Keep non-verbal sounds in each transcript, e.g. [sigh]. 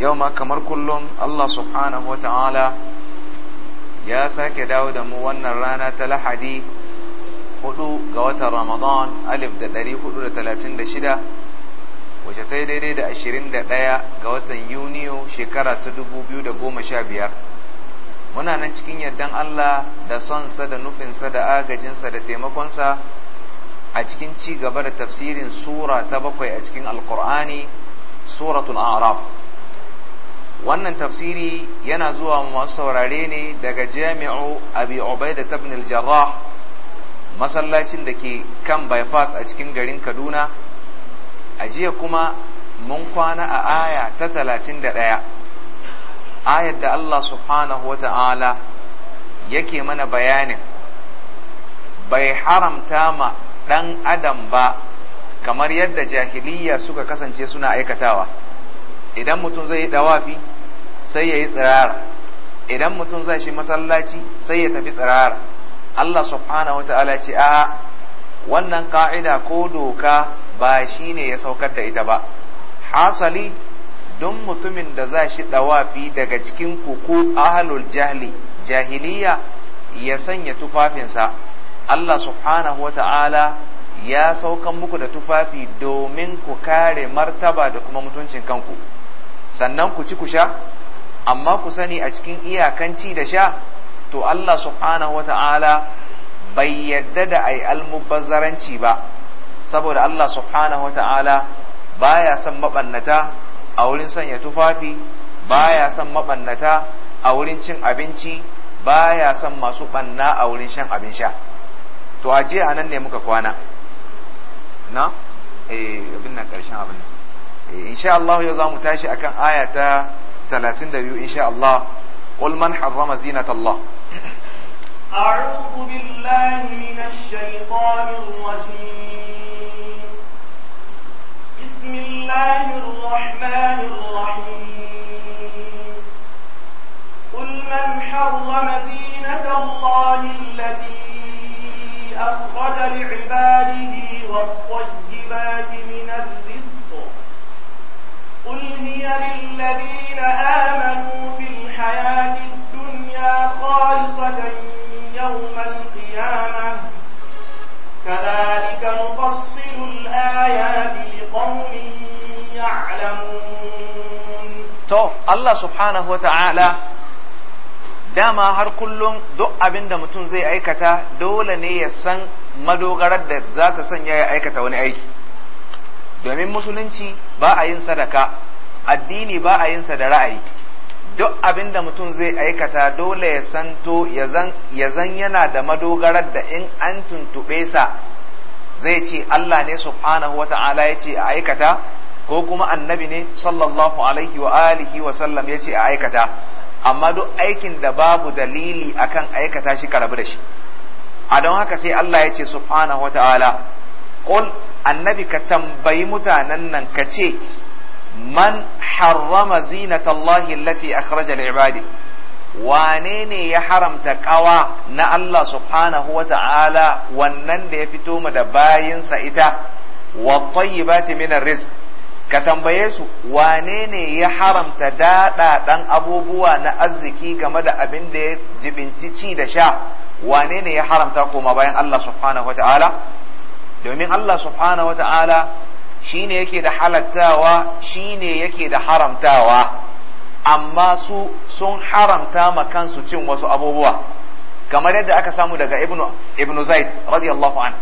yau ma kamar kullum Allah subhanahu ta'ala ya sake dawo da mu wannan rana ta lahadi hudu ga watan ramadan alif da ɗari hudu da talatin da shida wace ta yi daidai da ashirin da ɗaya ga watan yuniyo shekara ta dubu biyu da goma sha biyar muna nan cikin yardan Allah da sonsa da nufinsa da agajinsa da taimakonsa a cikin ci gaba da tafsirin sura ta bakwai a cikin alkur'ani suratul araf wannan tafsiri yana zuwa masu saurare ne daga jami'u abi ubaida ibn al-jarrah masallacin da ke kan bypass a cikin garin kaduna a jiya kuma mun kwana a aya ta talatin da ɗaya ayar da allah subhanahu wa ta'ala yake mana bayanin bai haramta ma dan adam ba kamar yadda jahiliya suka kasance suna aikatawa idan mutum zai yi dawafi sai ya yi tsirara idan mutum zai shi masallaci sai ya tafi tsirara Allah subhanahu wa ta'ala ce a wannan ka'ida ko doka ba shi ne ya saukar da ita ba hasali don mutumin da za shi dawafi daga cikin kuku ahalul jahli jahiliya ya sanya tufafinsa Allah subhanahu wa ta'ala ya saukan muku da tufafi domin ku kare martaba da kuma mutuncin kanku sannan ku ci ku sha amma ku sani a cikin iyakan ci da sha to Allah subhanahu wata'ala bai yarda da ai almubazzaranci ba saboda Allah subhanahu wata'ala baya son mabannata a wurin sanya tufafi baya son mabannata a wurin cin abinci baya son masu banna a wurin shan abin sha to aje a nan ne muka kwana na eh abin nan karshen abin nan إن شاء الله zamu tashi آية aya ta إن شاء الله قل من حرم زينة الله أعوذ بالله من الشيطان الرجيم بسم الله الرحمن الرحيم قل من حرم زينة الله التي أخرج لعباده والطيبات من الرزق قل هي للذين آمنوا في الحياة الدنيا خالصة يوم القيامة كذلك نفصل الآيات لقوم يعلمون تو الله سبحانه وتعالى dama har kullum duk abin da mutum zai aikata dole ne ya san madogarar da za ta sanya ya aikata wani aiki domin musulunci ba a yin sadaka addini ba a yin sa da ra'ayi duk abin da mutum zai aikata dole ya santo ya zan yana da madogarar da in an tuntuɓe sa zai ce Allah ne subhanahu wa ta'ala ya ce a aikata ko kuma annabi ne sallallahu alaihi wa alihi wa sallam ya ce a aikata amma duk aikin da babu dalili akan aikata shi karabu da shi a don haka sai Allah ya ce subhanahu wa ta'ala qul annabi ka tambayi mutanen nan ka ce man harrama zinatallahi allati akhraja li'ibadi wane ne ya haramta kawa na Allah subhanahu wa ta'ala wannan da ya fito mu da bayinsa ita wa tayyibati min rizq ka tambaye su wane ne ya haramta daɗa ɗan abubuwa na arziki game da abin da ya jibinci ci da sha wane ne ya haramta koma bayan Allah subhanahu wa ta'ala domin Allah subhanahu wata'ala shine yake da halattawa shine yake da haramtawa amma su sun haramta ma kansu cin wasu abubuwa kamar yadda aka samu daga Ibn zaid radiyallahu an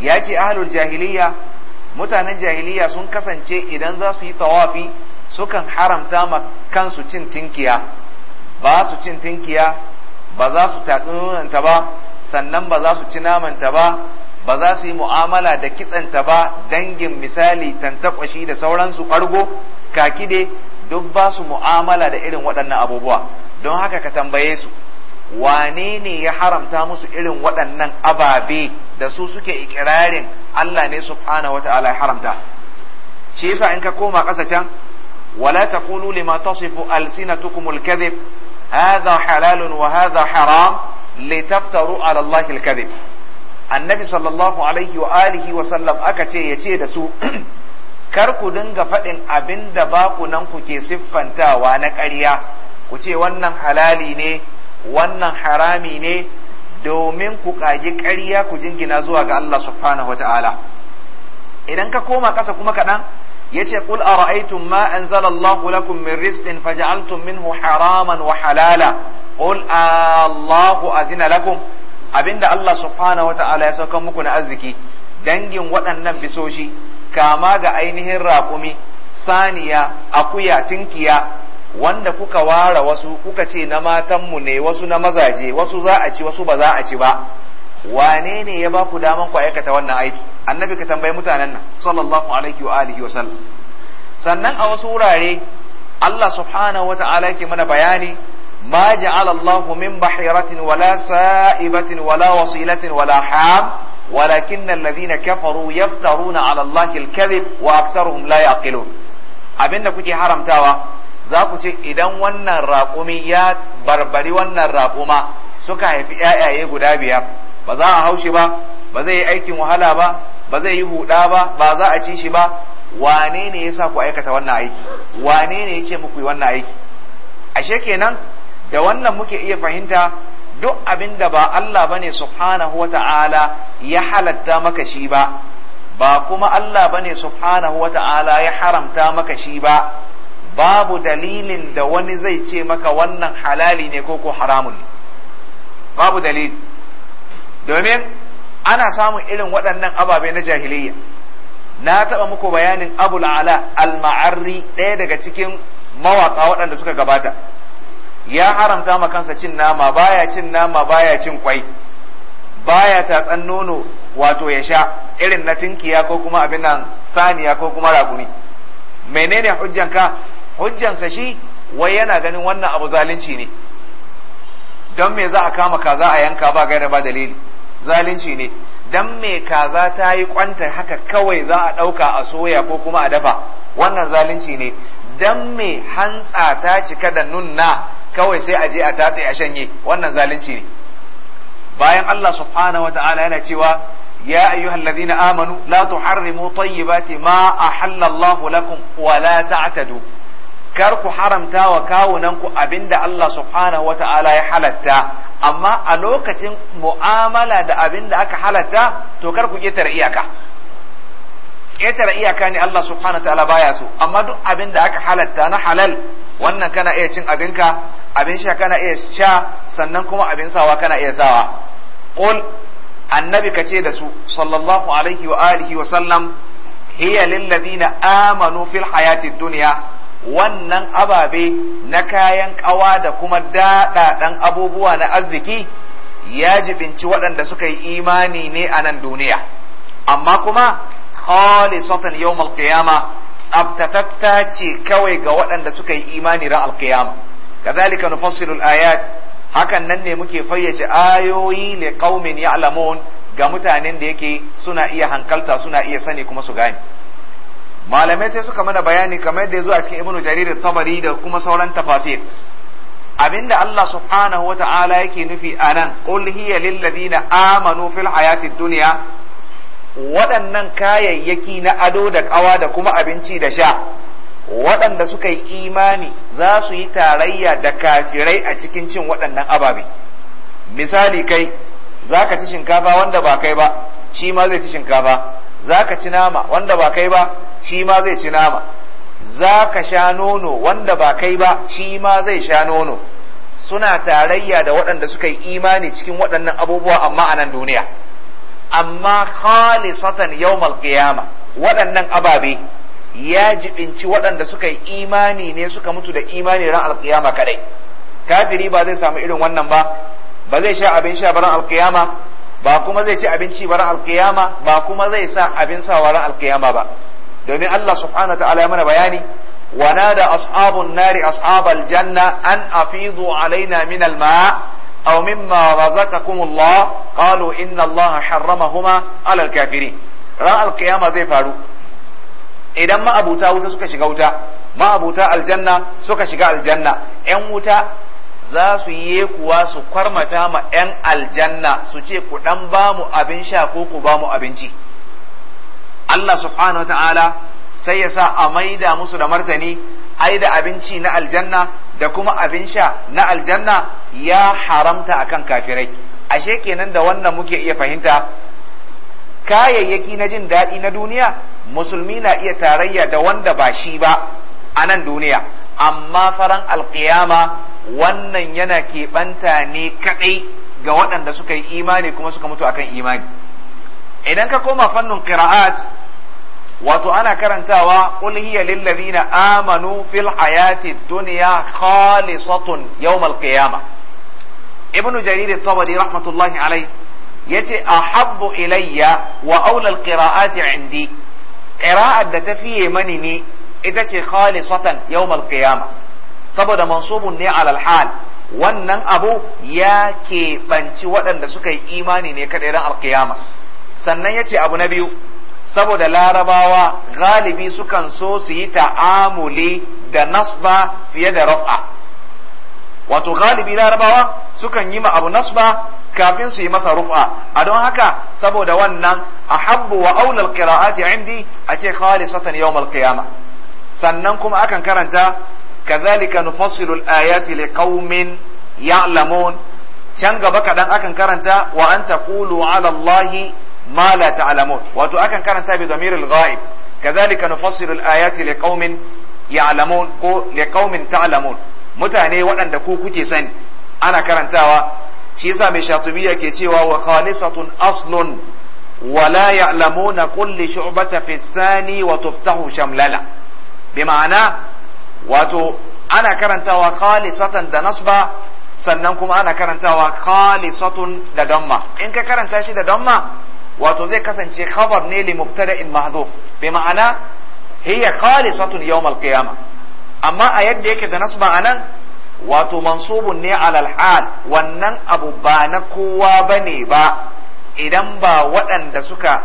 ya ce ahlul jahiliya mutanen jahiliya sun kasance idan za su yi tawafi sukan haramta ma kansu cin tinkiya ba su cin tinkiya ba za su tatsi ba sannan ba za su ci namanta ba ba za su yi mu'amala da kitsanta ba dangin misali tantakwashi da sauransu ɓargo kakide duk ba su mu'amala da irin waɗannan abubuwa don haka ka tambaye su wane ne ya haramta musu irin waɗannan ababe da su suke ikirarin Allah ne subhanahu wata'ala ya haramta shi yasa in ka koma ƙasa can wala taqulu lima tasifu alsinatukum alkadhib hadha halalun wa hadha haram litaftaru ala Allah alkadhib annabi sallallahu alaihi wa alihi wa sallam aka ce ya ce da su [clears throat] kar ku dinga faɗin abin da nan ku ke siffantawa na ƙarya ku ce wannan halali ne wannan harami ne domin ku ƙagi ƙarya ku jingina zuwa ga Allah subhanahu ta'ala idan ka koma ƙasa kuma kaɗan ya ce ƙul a ra'aitun ma an zalallahu lakum min rizqin faja'altum minhu haraman wa halala ƙul Allahu azina lakum abinda Allah subhanahu wata'ala ya saukan muku na arziki dangin waɗannan bisoshi kama ga ainihin raƙumi saniya akuya tinkiya wanda kuka ware wasu kuka ce na matanmu ne wasu na mazaje wasu za a ci wasu ba za a ci ba wane ne ya ba ku daman ku aikata wannan aiki annabi ka tambayi mutanen nan sallallahu alaihi wa alihi wa sallam sannan a wasu wurare Allah subhanahu wata'ala yake mana bayani ما جعل الله من بحيرة ولا سائبة ولا وصيلة ولا حام ولكن الذين كفروا يفترون على الله الكذب وأكثرهم لا يعقلون abinda kuke haramtawa za ku ce idan wannan raƙumi ya barbari wannan raƙuma suka haifi ‘ya'yaye guda biyar ba za a haushi ba ba zai yi aikin wahala ba ba zai yi huɗa ba ba za a ci shi ba wane ne ya sa ku aikata wannan aiki wane ne ya ce muku yi wannan aiki ashe kenan da wannan muke iya fahimta duk abin da ba Allah bane subhanahu wata'ala ya halatta maka shi ba ba kuma Allah bane subhanahu wata'ala ya haramta maka shi ba babu dalilin da wani zai ce maka wannan halali ne ko ko haramun ne babu dalil. domin ana samun irin waɗannan ababe na jahiliyya na taɓa muku bayanin abul ala al-ma'arri ɗaya daga cikin mawaƙa waɗanda suka gabata ya haramta ma kansa cin nama baya cin nama baya cin kwai baya tatsan nono wato ya sha irin na tinkiya ko kuma abin nan saniya ko kuma ragumi menene hujjanka hujjansa shi wai yana ganin wannan abu zalunci ne don me za a kama kaza a yanka ba gaira ba dalili zalunci ne don me kaza ta yi kwanta haka kawai za a ɗauka a soya ko kuma a dafa wannan zalunci ne dan me hantsa ta cika da nunna kawai sai a je a tatse a shanye wannan zalunci ne bayan Allah subhanahu ta'ala yana cewa ya ayyuhal ladina amanu la tuharrimu tayyibati ma ahalla lakum wa la ta'tadu kar ku haramta wa kawunan ku abinda Allah subhanahu ta'ala ya halatta amma a lokacin mu'amala da abinda aka halatta to kar ku ketare iyaka ƙetare iyaka ne Allah subhanahu ta'ala baya so amma duk abin da aka halatta na halal wannan kana iya cin abinka abin sha kana iya sha sannan kuma abin sawa kana iya sawa qul annabi ka ce da su sallallahu alaihi wa alihi wa sallam hiya lil amanu fil hayati dunya wannan ababe na kayan ƙawa da kuma daɗaɗan abubuwa na arziki ya jibinci waɗanda suka yi imani ne a nan duniya amma kuma khalisatan yau qiyama tsabtatatta ce kawai ga waɗanda suka yi imani ra alqiyama kadhalika nufassilu ayat hakan nan ne muke fayyace ayoyi li qaumin ya'lamun ga mutanen da yake suna iya hankalta suna iya sani kuma su gane malamai sai suka mana bayani kamar yadda ya zo a cikin ibnu jarir tabari da kuma sauran tafasir abinda Allah subhanahu wata'ala yake nufi anan qul hiya lil ladina amanu fil hayatid dunya waɗannan kayayyaki na ado da ƙawa da kuma abinci da sha waɗanda suka yi imani za su yi tarayya da kafirai a cikin cin waɗannan ababe misali kai za ka ci shinkafa wanda ba kai ba shi ma zai ci shinkafa za ka ci nama wanda ba kai ba shi ma zai ci nama za ka sha nono wanda ba kai ba shi ma zai sha nono suna tarayya da waɗanda suka yi imani cikin waɗannan abubuwa amma a nan duniya amma khalisatan yawmal qiyama waɗannan ababe ya jibinci waɗanda suka yi imani ne suka mutu da imani ran alkiyama kadai kafiri ba zai samu irin wannan ba ba zai sha abin sha baran alkiyama ba kuma zai ci abinci baran alkiyama ba kuma zai sa abin sa baran alkiyama ba domin Allah subhanahu ta'ala ya mana bayani ونادى أصحاب النار أصحاب الجنة أن أفيضوا علينا من الماء أو مما رزقكم الله قالوا إن الله حرمهما على الكافرين ran alkiyama zai faru idan ma'abuta wuta suka shiga wuta ma'abuta aljanna suka shiga aljanna 'yan wuta za su yi kuwa su kwarmata ma 'yan aljanna su ce ku ɗan bamu abin sha ko ku bamu abinci Allah subhanahu sai ya sa a maida musu da martani ai da abinci na aljanna da kuma abin sha na aljanna ya haramta akan kafirai ashe kenan da wannan muke iya fahimta kayayyaki na jin daɗi na duniya musulmi na iya tarayya da wanda ba shi ba a nan duniya amma faran alkiyama wannan yana keɓanta ne kaɗai ga waɗanda suka yi imani kuma suka mutu akan imani idan ka koma fannin qira'at wato ana karantawa qul hiya lil ladina amanu fil hayati dunya khalisatun yawm al qiyamah ibnu jarir at-tabari rahmatullahi alayh yace ahabbu ilayya wa aula al qira'ati indi qira'at da tafiye mani ne ita ce khalisatan yawm al qiyamah saboda mansubun ne ala al hal wannan abu ya keɓanci waɗanda suka yi imani ne kaɗai ran alkiyama sannan ya ce abu na biyu saboda larabawa galibi sukan so su yi ta'amuli da nasba fiye da raf'a wato galibi larabawa sukan yi ma abu nasba kafin su yi masa rufa a don haka saboda wannan ahabbu wa aulal alqira'ati indi a ce khalisatan yawm alqiyama sannan kuma akan karanta kadhalika nufassilu alayati liqaumin ya'lamun can gaba kadan akan karanta wa an taqulu ala allahi Mala la wato akan karanta bi damirul ghaib kadhalika nufassilu al-ayati liqaumin ya'lamun ko liqaumin ta'lamun mutane waɗanda ku kuke sani ana karantawa shi yasa mai shatubiya ke cewa wa khalisatun aslun wa la ya'lamuna kulli shu'bata fi wa tuftahu shamlala bi ma'ana wato ana karantawa khalisatan da nasba sannan kuma ana karantawa khalisatun da damma in ka karanta shi da damma wato zai kasance khabar ne li mubtada'in mahdhuf bi ma'ana hiya khalisatun yawm al-qiyama amma a yadda yake da nasba anan wato mansubun ne alal hal wannan abu ba na kowa bane ba idan ba waɗanda suka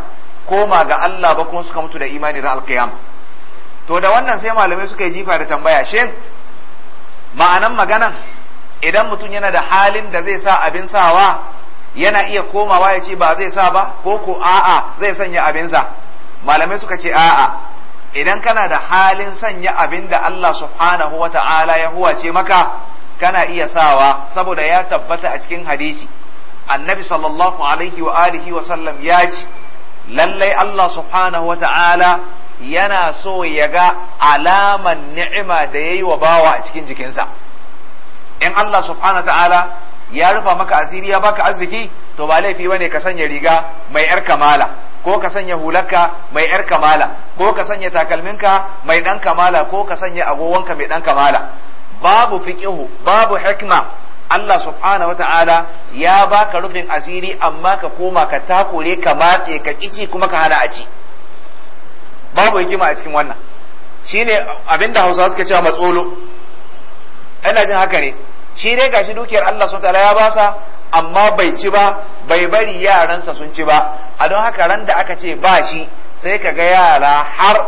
koma ga Allah ba kuma suka mutu da imani ran to da wannan sai malamai suka yi jifa da tambaya shin ma'anan maganan idan mutum yana da halin da zai sa abin sawa yana iya komawa ya ce ba zai sa ba ko ko a'a zai sanya abinsa malamai suka ce a'a idan kana da halin sanya abin da Allah subhanahu wa ta'ala ya huwace maka kana iya sawa saboda ya tabbata a cikin hadisi annabi sallallahu alaihi wa alihi wa sallam ya ce lallai Allah subhanahu wa ta'ala yana so ya ga alaman ni'ima da ya yi wa bawa a cikin jikinsa in Allah subhanahu wa ta'ala ya rufa maka asiri ya baka arziki to ba laifi bane ka sanya riga mai yar kamala ko ka sanya hularka mai yar kamala ko ka sanya takalminka mai dan kamala ko ka sanya agogonka mai dan kamala babu fiqihu babu hikma Allah subhanahu wata'ala ya baka rufin asiri amma ka koma ka takure ka matse ka kici kuma ka hana a ci babu hikima a cikin wannan shine abinda Hausawa suka cewa matsolo ina jin haka ne shi dai gashi dukiyar Allah sun ya basa amma bai ci ba bai bari yaransa sun ci ba a don haka ran da aka ce ba shi sai ka ga yara har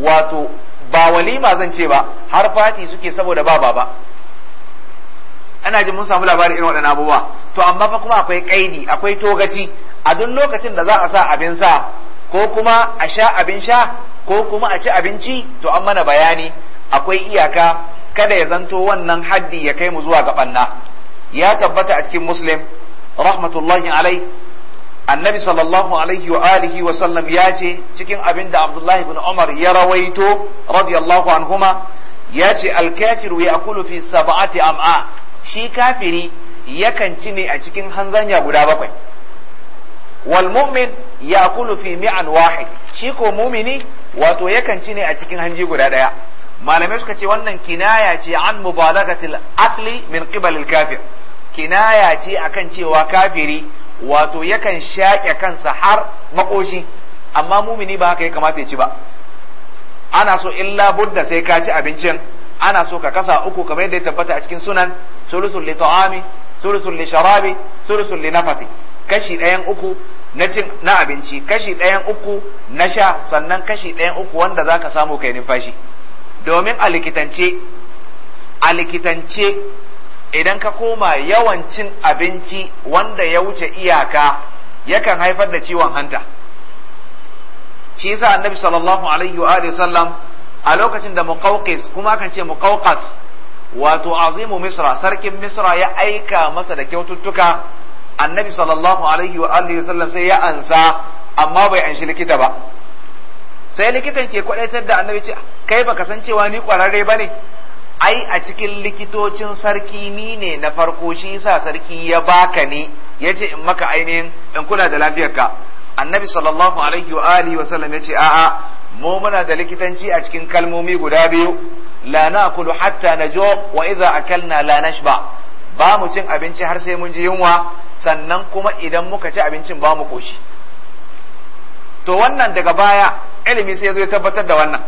wato ba walima zan ce ba har fati suke saboda ba baba. ana ji mun samu labarin irin waɗannan abubuwa to amma fa kuma akwai kaidi akwai togaci a duk lokacin da za a sa abin sa ko kuma a sha abin sha ko kuma a ci abinci to an mana bayani akwai iyaka kada ya zanto wannan haddi ya kai mu zuwa ga banna ya tabbata a cikin muslim rahmatullahi alai annabi sallallahu alaihi wa alihi wa sallam ya ce cikin abin da abdullahi bin umar ya rawaito radiyallahu anhuma ya ce alkafiru ya akulu fi sab'ati am'a shi kafiri yakan ci ne a cikin hanzanya guda bakwai wal ya akulu fi mi'an wahid ko mumini wato yakan ci ne a cikin hanji guda ɗaya. malamai suka ce wannan kinaya ce an mubalagatil akli min qibal kafir kinaya ce akan cewa kafiri wato yakan shaƙe kansa har makoshi amma mumini ba haka ya kamata ya ci ba ana so illa budda sai ka ci abincin ana so ka kasa uku kamar yadda ya tabbata a cikin sunan sulusul li ta'ami sulusul li sharabi sulusul li nafasi kashi ɗayan uku na cin na abinci kashi ɗayan uku na sha sannan kashi ɗayan uku wanda zaka samu kai numfashi domin a likitance a likitance idan ka koma yawan cin abinci wanda ya wuce iyaka yakan haifar da ciwon hanta shi yasa annabi sallallahu alaihi wa sallam a lokacin da muqawqis kuma kan ce muqawqas wato azimu misra sarkin misra ya aika masa da kyaututtuka annabi sallallahu alaihi wa sallam sai ya ansa amma bai anshi likita ba sai likitan ke kwadaitar da annabi ce kai baka san cewa ni kwararre bane ai a cikin likitocin sarki ni ne na farko shi yasa sarki ya baka ni yace in maka ainihin in kula da lafiyarka annabi sallallahu alaihi wa alihi wa sallam yace a'a mu muna da likitanci a cikin kalmomi guda biyu la na'kulu hatta najo wa idza akalna la nashba ba mu cin abinci har sai mun ji yunwa sannan kuma idan muka ci abincin ba mu koshi to wannan daga baya ilimi sai zo ya tabbatar da wannan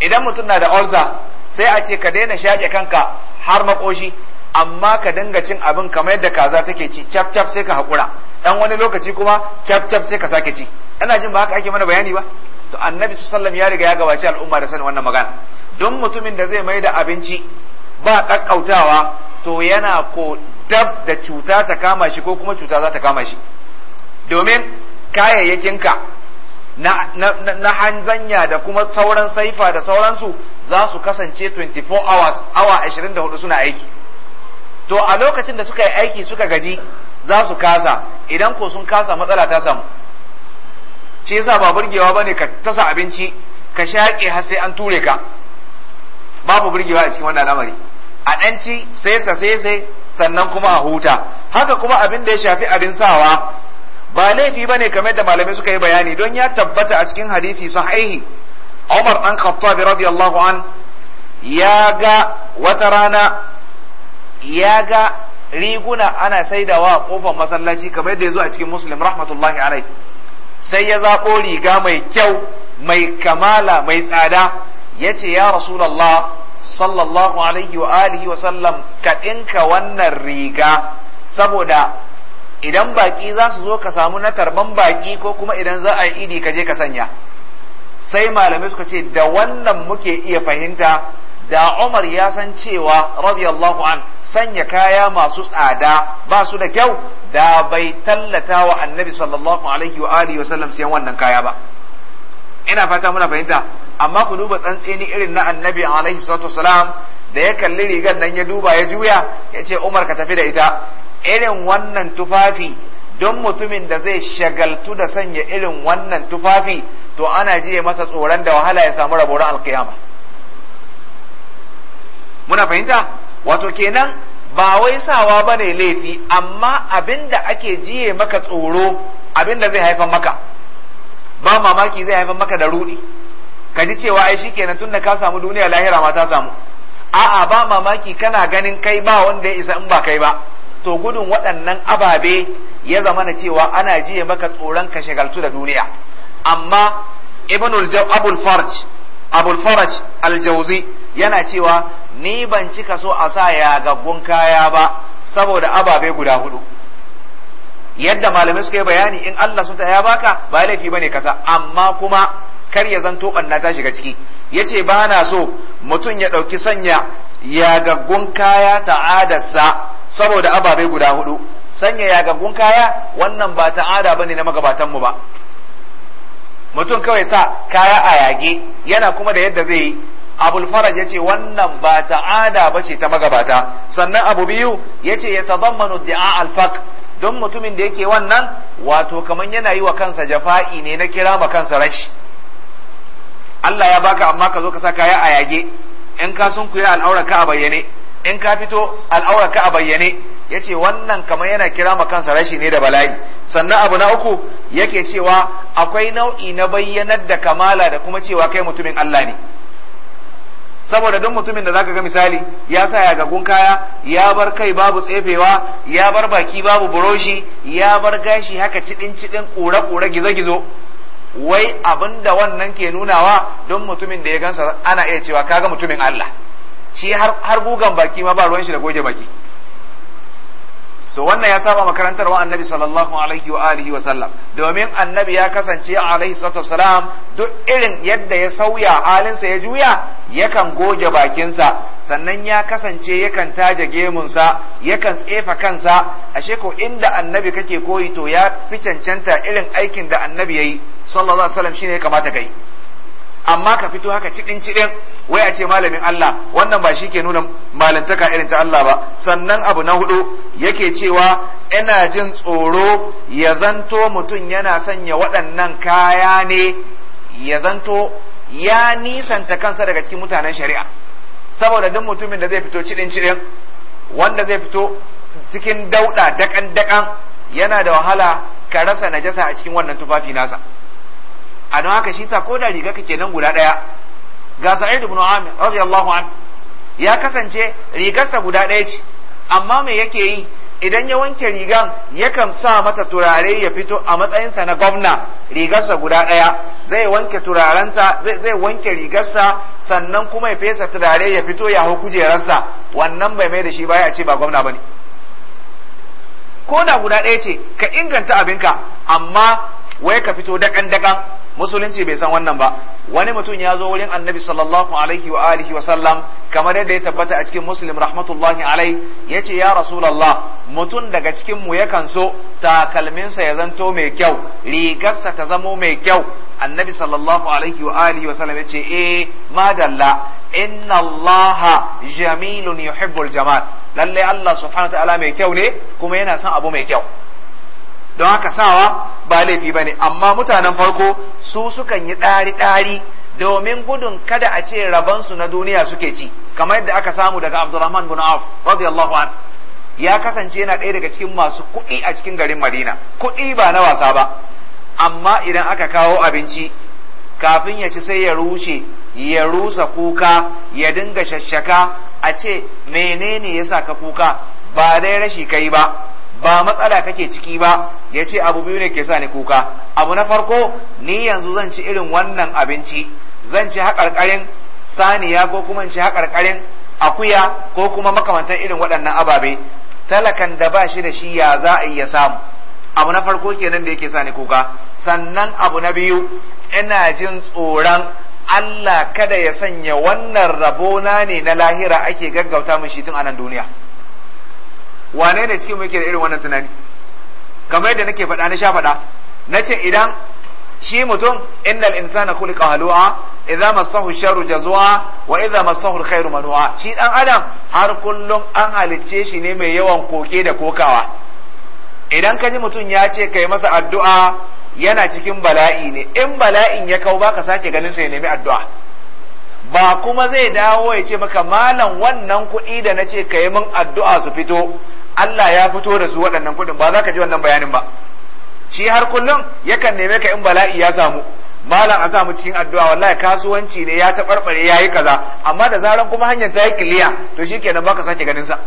idan mutum na da olza sai a ce ka daina shaƙe kanka har makoshi amma ka dinga cin abin kamar yadda kaza take ci cap cap sai ka haƙura dan wani lokaci kuma cap cap sai ka sake ci ina jin ba haka ake mana bayani ba to annabi sallallahu ya riga ya gabaci al'umma da sanin wannan magana don mutumin da zai mai da abinci ba kakkautawa to yana ko dab da cuta ta kama shi ko kuma cuta za ta kama shi domin kayayyakinka na hanzanya da kuma sauran saifa da sauransu za su kasance 24 hours awa 24 suna aiki to a lokacin da suka yi aiki suka gaji za su kasa idan ko sun kasa matsala ta samu shi yasa ba burgewa ne ka tasa abinci ka shaƙe har sai an ture ka babu burgewa a cikin wannan lamari a ɗanci sai sa sai sai sannan kuma a huta haka kuma abin da ya shafi abin sawa ba laifi bane kamar da malamai suka yi bayani don ya tabbata a cikin hadisi sahihi Umar dan Khattab radiyallahu an ya ga wata rana ya ga riguna ana saidawa a kofar masallaci kamar da ya zo a cikin Muslim rahmatullahi alai sai ya zaɓo riga mai kyau mai kamala mai tsada ya ce ya rasulallah sallallahu alaihi wa alihi wa sallam ka ɗinka wannan riga saboda idan baki za su zo ka samu na karban baki ko kuma idan za a yi idi ka je ka sanya sai malamai suka ce da wannan muke iya fahimta da Umar ya san cewa radiyallahu an sanya kaya masu tsada ba su da kyau da bai tallata wa annabi sallallahu alaihi wa alihi wa sallam sayan wannan kaya ba ina fata muna fahimta amma ku duba tsantseni irin na annabi alaihi salatu wasalam da ya kalli rigar nan ya duba ya juya ya ce Umar ka tafi da ita irin wannan tufafi don mutumin da zai shagaltu da sanya irin wannan tufafi to ana jiye masa tsoron da wahala ya samu raboran alkiyama muna fahimta wato kenan ba wai sawa ba ne laifi amma abinda ake jiye maka tsoro abinda zai haifan maka ba mamaki zai haifan maka da rudi ka ji cewa ai shikenan tunda ka samu duniya lahira ma ta samu a'a ba mamaki kana ganin kai ba wanda ya isa in ba kai ba to gudun waɗannan ababe ya zama na cewa ana jiye maka tsoron ka shagaltu da duniya amma ibn abul farj abul farj aljauzi yana cewa ni ban cika so a sa ya yagaggun kaya ba saboda ababe guda hudu yadda malamai suka yi bayani in Allah sun ya baka ba laifi bane kasa amma kuma kar ya zanto ta shiga ciki yace ba na so mutum ya dauki sanya yagaggun kaya ta'adarsa saboda ababe guda hudu sanya yagaggun kaya wannan ba ta'ada bane na magabatanmu ba mutum kawai sa kaya a yage yana kuma da yadda zai yi abul faraj yace wannan ba ta'ada bace ta magabata sannan abu biyu yace ya tazammanu di'a al faq don mutumin da yake wannan wato kaman yana yi wa kansa jafa'i ne na kira ma kansa rashi Allah ya baka amma ka zo ka sa kaya a yage in ka sun kuya al'aura ka a bayyane in ka fito al'aura ka a bayyane yace wannan kamar yana kira ma kansa rashi ne da bala'i sannan abu na uku yake cewa akwai nau'i na bayyanar da kamala da kuma cewa kai mutumin Allah ne saboda duk mutumin da zaka ga misali ya sa ya gagun kaya ya bar kai babu tsefewa ya bar baki babu buroshi ya bar gashi haka cidin cidin kura kura gizo gizo wai abin da wannan ke nunawa don mutumin da ya gansa ana iya cewa kaga mutumin Allah shi har gugan baki ma ba ruwan shi da goge baki to wannan ya saba makarantar wa annabi sallallahu alaihi wa alihi wa sallam domin annabi ya kasance alaihi salatu salam duk irin yadda ya sauya halinsa ya juya yakan goge bakinsa sannan ya kasance yakan taje gemunsa yakan tsefa kansa ashe ko inda annabi kake koyi to ya fi cancanta irin aikin da annabi yayi sallallahu alaihi shine ya kamata kai amma ka fito haka cikin cikin wai a ce malamin Allah wannan ba shi ke nuna malantaka irin ta Allah ba sannan abu na hudu yake cewa ina jin tsoro ya zanto mutum yana sanya waɗannan kaya ne ya zanto ya nisanta kansa daga cikin mutanen shari'a saboda duk mutumin da zai fito cidin cidin wanda zai fito cikin dauɗa dakan dakan yana da wahala ka rasa najasa a cikin wannan tufafi nasa a don haka shi ta ko da riga kake nan guda ɗaya ga sa'id ibn amir radiyallahu an ya kasance rigarsa guda ɗaya ce amma me yake yi idan ya wanke rigan yakan sa mata turare ya fito a matsayinsa na gwamna rigarsa guda ɗaya zai wanke turarensa zai wanke rigarsa sannan kuma ya fesa turare ya fito ya hau kujerarsa wannan bai mai da shi baya ce ba gwamna bane ko da guda ɗaya ce ka inganta abinka amma wai ka fito dakan dakan musulunci bai san wannan ba wani mutum ya zo wurin annabi sallallahu alaihi wa alihi wa sallam kamar yadda ya tabbata a cikin muslim rahmatullahi alai ya ce ya rasulallah mutum daga cikin mu yakan so takalminsa ya zanto mai kyau rigarsa ta zamo mai kyau annabi sallallahu alaihi wa alihi wa sallam ya ce eh madalla inna allaha jamilun yuhibbul jamal lalle allah subhanahu wa ta'ala mai kyau ne kuma yana son abu mai kyau don haka sawa ba laifi ba ne amma mutanen farko su sukan yi ɗari-ɗari domin gudun kada a ce rabansu na duniya suke ci kamar yadda aka samu daga Abdulrahman bin auf radiyallahu an ya kasance yana ɗaya daga cikin masu kuɗi a cikin garin madina kuɗi ba na wasa ba amma idan aka kawo abinci kafin ya ci sai ya rushe ya rusa kuka ya dinga shashshaka a ce menene yasa ka kuka ba dai rashi kai ba ba matsala kake ciki ba ya ce abu biyu ne ke sa ni kuka abu na farko ni yanzu zan ci irin wannan abinci zan ci haƙarƙarin saniya ko kuma ci haƙarƙarin akuya ko kuma makamantar irin waɗannan ababe talakan da ba shi da shi ya za a ya samu abu na farko kenan da yake sa ni kuka sannan abu na biyu ina jin tsoron Allah kada ya sanya wannan rabona ne na lahira ake gaggauta mu shi tun nan duniya wane ne cikin muke da irin wannan tunani kamar yadda nake faɗa na sha faɗa nace idan shi mutum innal insana khuliqa halu'a idza massahu sharru jazwa wa idza massahu alkhairu manua shi dan adam har kullum an halicce shi ne mai yawan koke da kokawa idan ka ji mutum ya ce kai masa addu'a yana cikin bala'i ne in bala'in ya kau baka sake ganin sa ya nemi addu'a ba kuma zai dawo ya ce maka malam wannan kuɗi da na ce ka yi min addu'a su fito Allah ya fito da su waɗannan kuɗin ba za ka ji wannan bayanin ba shi har kullum yakan neme ka in bala'i ya samu malam a samu cikin addu'a wallahi kasuwanci ne ya taɓarɓare ya yi kaza amma da zaran kuma hanyar ta yi kiliya to shi kenan baka sake ganin sa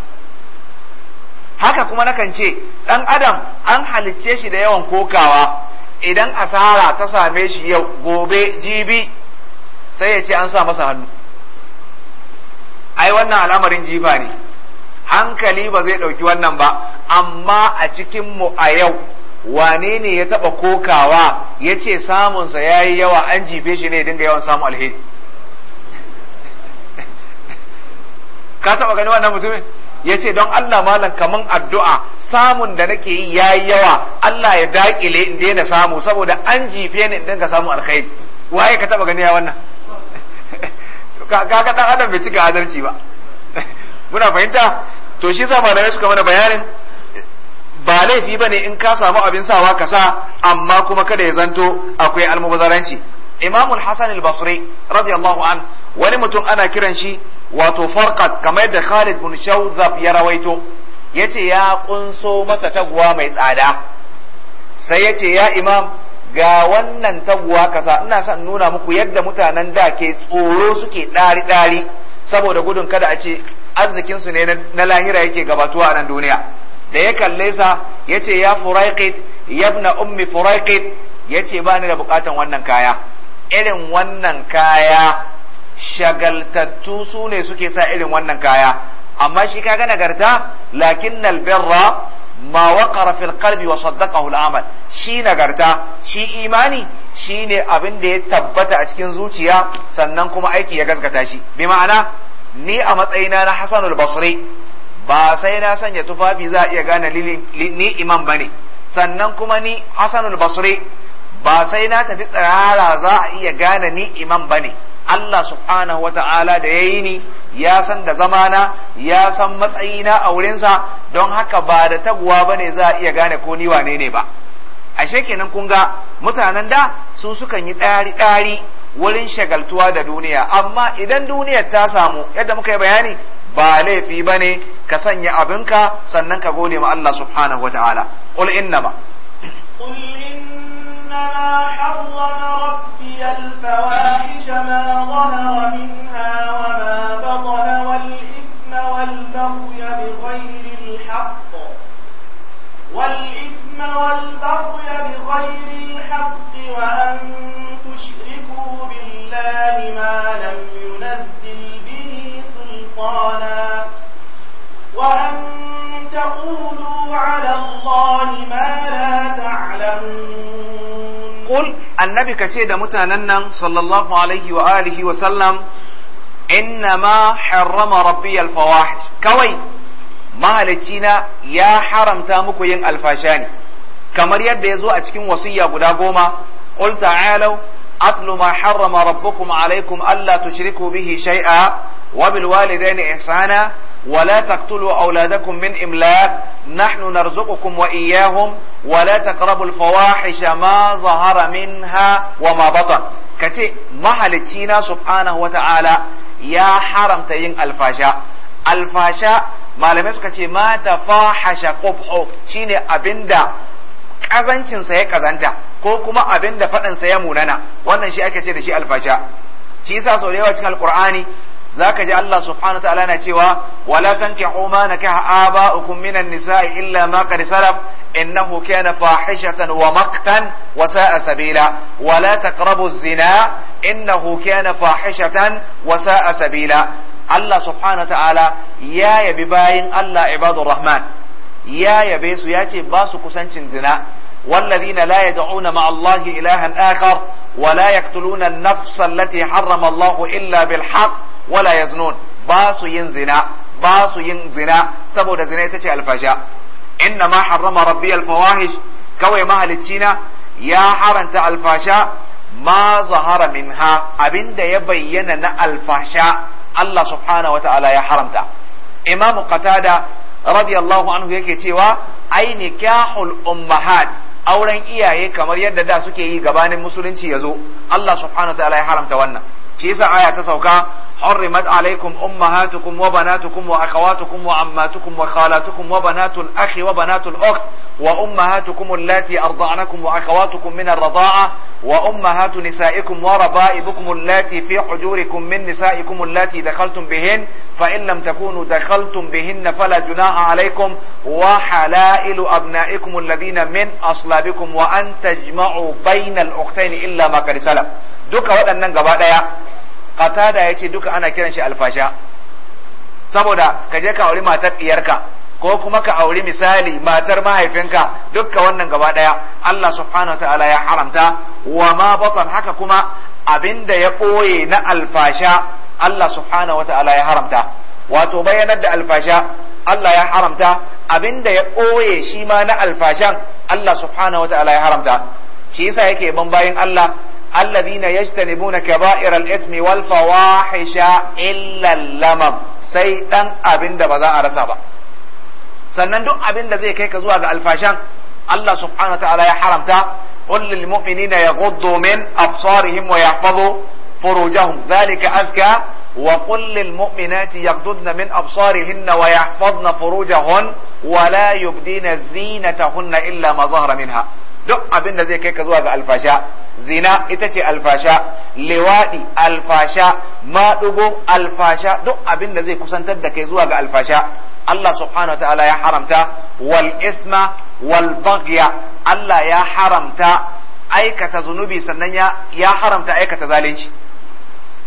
haka kuma nakan ce ɗan adam an halicce shi da yawan kokawa idan asara ta same shi yau gobe jibi sai ya ce an sa masa hannu ai wannan al'amarin jifa ne hankali ba zai ɗauki wannan ba amma a cikin mu a yau wane ne ya taɓa kokawa ya ce samunsa ya yi yawa an jife shi ne dinga yawan samun alheri ka taɓa gani wannan mutumin ya ce don Allah malam kaman addu'a samun da nake yi ya yi yawa Allah ya daƙile in daina samu saboda an jife ni in dinga samun alheri waye ka taɓa gani ya wannan [laughs] ka ɗan adam bai cika adalci ba [laughs] muna fahimta to shi sa malamai suka mana bayanin ba laifi bane in ka samu abin sawa ka sa amma kuma kada ya zanto akwai almubazaranci imamul hasan al-basri radiyallahu an wani mutum ana kiran shi wato farqat kamar da Khalid bin Shawzab ya rawaito yace ya kunso masa taguwa mai tsada sai yace ya imam ga wannan taguwa kasa ina son nuna muku yadda mutanen da ke tsoro suke dari dari saboda gudun kada a ce arzikinsu ne na lahira yake gabatuwa a nan duniya da ya kalle sa ya ce ya furaiqit yabna ummi furaiqit yace ce ba ni da bukatan wannan kaya irin wannan kaya shagaltattu su ne suke sa irin wannan kaya amma shi ka ga nagarta lakin albirra ma waqara fil qalbi wa saddaqahu al shi nagarta shi imani shine abin da ya tabbata a cikin zuciya sannan kuma aiki ya gaskata shi bi ma'ana ni a matsayina na Hassanul Basri ba sai na sanya tufafi za a iya gane ni imam bane sannan kuma ni Hassanul Basri ba sai na tafi tsirara za a iya gane ni imam bane Allah subhanahu wa ta'ala da ya yi ni ya san da zamana ya san matsayina a wurinsa don haka ba da taguwa ba ne za a iya gane ko ni wane ne ba A kenan kun ga mutanen da su sukan yi ɗari-ɗari wurin shagaltuwa da duniya amma idan duniyar ta samu yadda muka yi bayani ba laifi ba ne ka sanya abinka sannan ka gode ma Allah subhanahu wa ta'ala qul innama قل إنما حرم ربي الفواحش والبغي بغير الحق وأن تشركوا بالله ما لم ينزل به سلطانا وأن تقولوا على الله ما لا تعلمون قل النبي كتير متننن صلى الله عليه وآله وسلم إنما حرم ربي الفواحش كوي mahalicci na ya haramta muku yin alfasha ne kamar yadda ya zo a cikin wasiya guda goma qul ta'alu atlu ma harrama rabbukum alaykum alla tushriku bihi shai'a wa bil walidayni ihsana wa la taqtulu awladakum min imlaq nahnu narzuqukum wa iyyahum wala la taqrabu al fawahisha ma zahara minha wa ma batan kace mahalici na subhanahu wa ta'ala ya haramta yin alfasha alfasha malamai suka ce mata fahasha qubhu shine abinda kazancinsa ya kazanta ko kuma abin da faɗinsa ya munana wannan shi ake ce da shi alfasha shi yasa sau da yawa cikin alkur'ani zaka ji Allah subhanahu ta'ala yana cewa wala tankihu ma nakaha aba'ukum minan nisa'i illa ma qad salaf innahu kana fahishatan wa maqtan wa sa'a sabila wala taqrabu az-zina innahu kana fahishatan wa sa'a sabila Allah subhanahu ta'ala ya yabi bayin Allah ibadur rahman ya yabe su ya ce ba su kusancin zina والذين لا يدعون مع الله إلها آخر ولا يقتلون النفس التي حرم الله إلا بالحق ولا يزنون باس ينزنا باس ينزنا سبو دزنا يتشي الفجاء إنما حرم ربي الفواحش كوي مهلتشينا يا حرنت الفاشا ما ظهر منها أبند يبيننا الفحشاء الله سبحانه وتعالى يا حرمت إمام قتادة radiyallahu anhu yake cewa ai nikahul ummahat auren iyaye kamar yadda da suke yi gabanin musulunci ya zo Allah subhanahu wa ta'ala ya haramta wannan shi yasa aya ta sauka حرمت عليكم أمهاتكم وبناتكم وأخواتكم وعماتكم وخالاتكم وبنات الأخ وبنات الأخت وأمهاتكم اللاتي أرضعنكم وأخواتكم من الرضاعة وأمهات نسائكم وربائبكم اللاتي في حجوركم من نسائكم اللاتي دخلتم بهن فإن لم تكونوا دخلتم بهن فلا جناح عليكم وحلائل أبنائكم الذين من أصلابكم وأن تجمعوا بين الأختين إلا ما كان سلف دوك waɗannan gaba ɗaya ya ce duka ana kiran shi alfasha saboda ka je ka auri matar diyarka ko kuma ka auri misali matar mahaifinka dukka wannan gaba daya Allah subhanahu ta'ala ya haramta wa ma batan haka kuma abinda ya ɓoye na alfasha Allah subhanahu ta'ala ya haramta wato bayanar da alfasha Allah ya haramta abinda ya ɓoye shi ma na alfashan Allah subhanahu ta'ala ya haramta shi yasa yake ban bayin Allah الذين يجتنبون كبائر الاسم والفواحش الا اللمم سيئا ابن دبزا ارسابا سنن دون ابن دزي كيك الفاشان الله سبحانه وتعالى يا حرمتا قل للمؤمنين يغضوا من ابصارهم ويحفظوا فروجهم ذلك ازكى وقل للمؤمنات يغضضن من ابصارهن ويحفظن فروجهن ولا يبدين زينتهن الا ما ظهر منها duk abin da zai kai ka zuwa ga alfasha zina ita ce alfasha lewadi alfasha maɗugo alfasha duk abin da zai kusantar da kai zuwa ga alfasha Allah subhanahu ta'ala ya haramta wal isma wal baghya Allah ya haramta aikata zunubi sannan ya, ya haramta aikata zalunci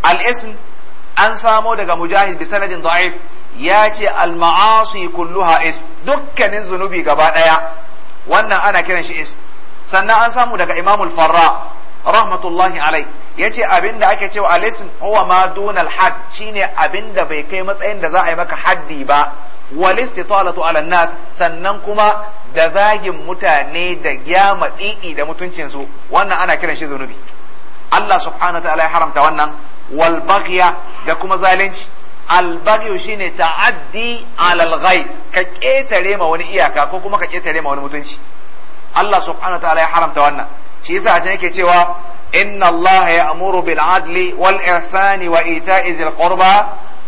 al ism an samo daga mujahid bi sanadin da'if ya ce al ma'asi kulluha ism dukkanin zunubi gaba daya wannan ana kiran shi ism sannan an samu daga imamul farra rahmatullahi alai ya ce abinda ake cewa alism huwa ma dunal alhad shine abinda bai kai matsayin da za a yi maka haddi ba wal talatu ala nas sannan kuma da zagin mutane da gyama didi da mutuncin su wannan ana kiran shi zunubi Allah subhanahu ta'ala ya haramta wannan wal da kuma zalunci al shine ta'addi ala al ka ketare ma wani iyaka ko kuma ka ketare ma wani mutunci Allah subhanahu ta'ala ya haramta wannan shi yasa a can yake cewa inna Allah ya'muru bil adli wal ihsani wa ita'i dhil qurba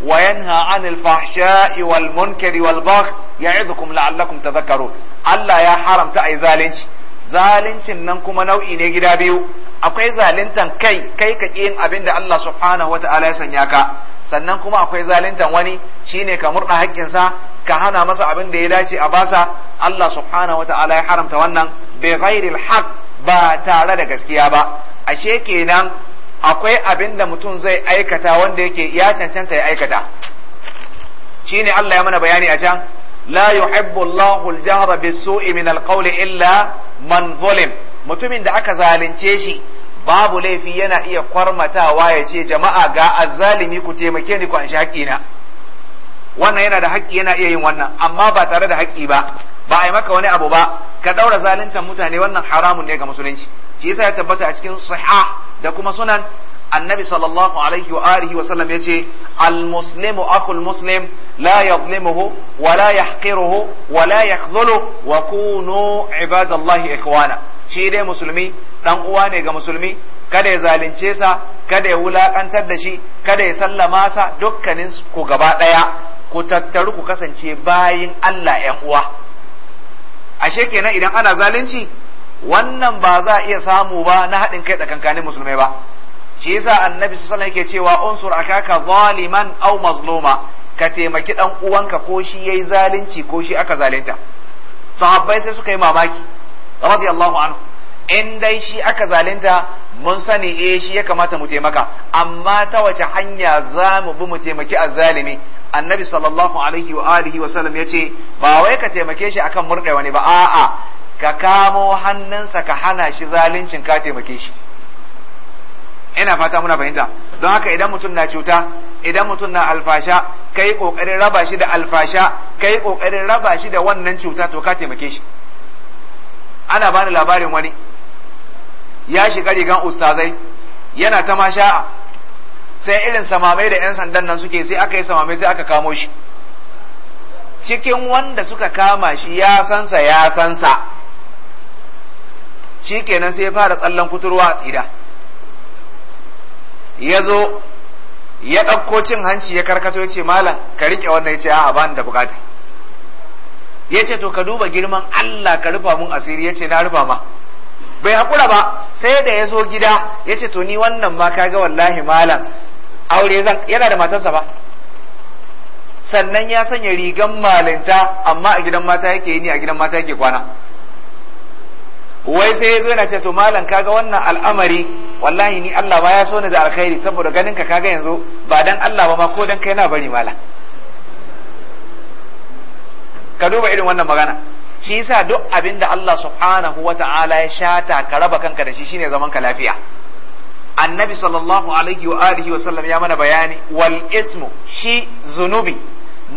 wa yanha 'anil fahsha'i wal munkari wal bagh ya'idukum la'allakum tadhakkarun Allah ya haramta ai zalunci zaluncin nan kuma nau'i ne gida biyu akwai zalintan kai kai ka yin abin da Allah subhanahu wata'ala ya sanya ka sannan kuma akwai zalintan wani shine ka murna haƙƙinsa ka hana masa abin da ya dace a basa Allah subhanahu wata'ala ya haramta wannan bi ghairil haq ba tare da gaskiya ba ashe kenan akwai abin da mutum zai aikata wanda yake ya cancanta ya aikata shine Allah ya mana bayani a can la yuhibbu Allahu al-jahra bis-su'i min al-qawli illa man zulim mutumin da aka zalunce shi babu laifi yana iya kwarmatawa ya ce jama'a ga azzalimi ku taimake ni ku an shi na wannan yana da haƙƙi yana iya yin wannan amma ba tare da haƙƙi ba ba a yi maka wani abu ba ka ɗaura zaluntan mutane wannan haramun ne ga musulunci shi yasa ya tabbata a cikin sahih da kuma sunan annabi sallallahu alaihi wa alihi wa sallam yace al muslimu akhul muslim la yadhlimuhu wa la yahqiruhu wa la yakhdhulu wa kunu ibadallahi ikhwana shi dai musulmi dan uwa ne ga musulmi kada ya zalunce sa kada ya wulakantar da shi kada ya sallama sa dukkanin ku gaba daya ku tattaru ku kasance bayin Allah ɗan uwa ashe kenan idan ana zalunci wannan ba za a iya samu ba na haɗin kai tsakankanin musulmai ba shi yasa annabi sallallahu yake cewa unsur akaka zaliman aw mazluma ka taimaki dan uwanka ko shi yayi zalunci ko shi aka zalunta sahabbai sai suka yi mamaki radiyallahu anhu in dai shi aka zalinta mun sani eh shi ya kamata mu taimaka amma ta wace hanya za mu bi mu taimaki azzalimi annabi sallallahu alaihi wa alihi wa sallam yace ba wai ka taimake shi akan murɗe wani ba a'a ka kamo hannunsa ka hana shi zaluncin ka taimake shi ina fata muna fahimta don haka idan mutum na cuta idan mutum na alfasha kai kokarin raba shi da alfasha kai kokarin raba shi da wannan cuta to ka taimake shi ana bani labarin wani ya shiga rigan ustazai yana ta masha'a sai irin samamai da 'yan sandan nan suke sai aka yi samamai sai aka kamo shi cikin wanda suka kama shi ya sansa ya sansa shi kenan sai ya fara tsallan kuturwa a tsida ya zo ya ɗauko cin hanci ya karkato ya ce malam ka riƙe wannan ya ce a'a bani da bukata ya ce to ka duba girman Allah ka rufa mun asiri ya ce na rufa ma bai haƙura ba sai da ya zo gida ya ce to ni wannan ma kaga wallahi malam aure zan yana da matarsa ba sannan ya sanya rigan malinta amma a gidan mata yake yi ni a gidan mata yake kwana wai sai ya zo yana ce to malam kaga wannan al'amari wallahi ni Allah ba ya so ni da alkhairi saboda ganin ka kaga yanzu ba dan Allah ba ma ko dan kai na bari malam ka duba irin wannan magana shi yasa duk abin da Allah subhanahu wa ta'ala ya shata ka raba kanka da shi shine zaman ka lafiya annabi sallallahu alaihi wa alihi wa sallam ya mana bayani wal ismu shi zunubi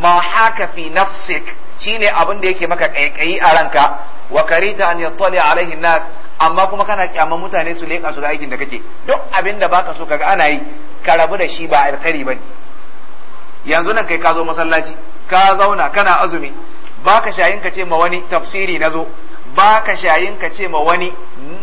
ma haka fi nafsik shine abin da yake maka kaikayi a ranka wa karita an yattali alaihi nas amma kuma kana kyaman mutane su leka su ga aikin da kake duk abin da baka so kaga ana yi ka rabu da shi ba alkhairi bane yanzu nan kai ka zo masallaci ka zauna kana azumi baka shayin ka ce ma wani tafsiri nazo baka shayin ka ce ma wani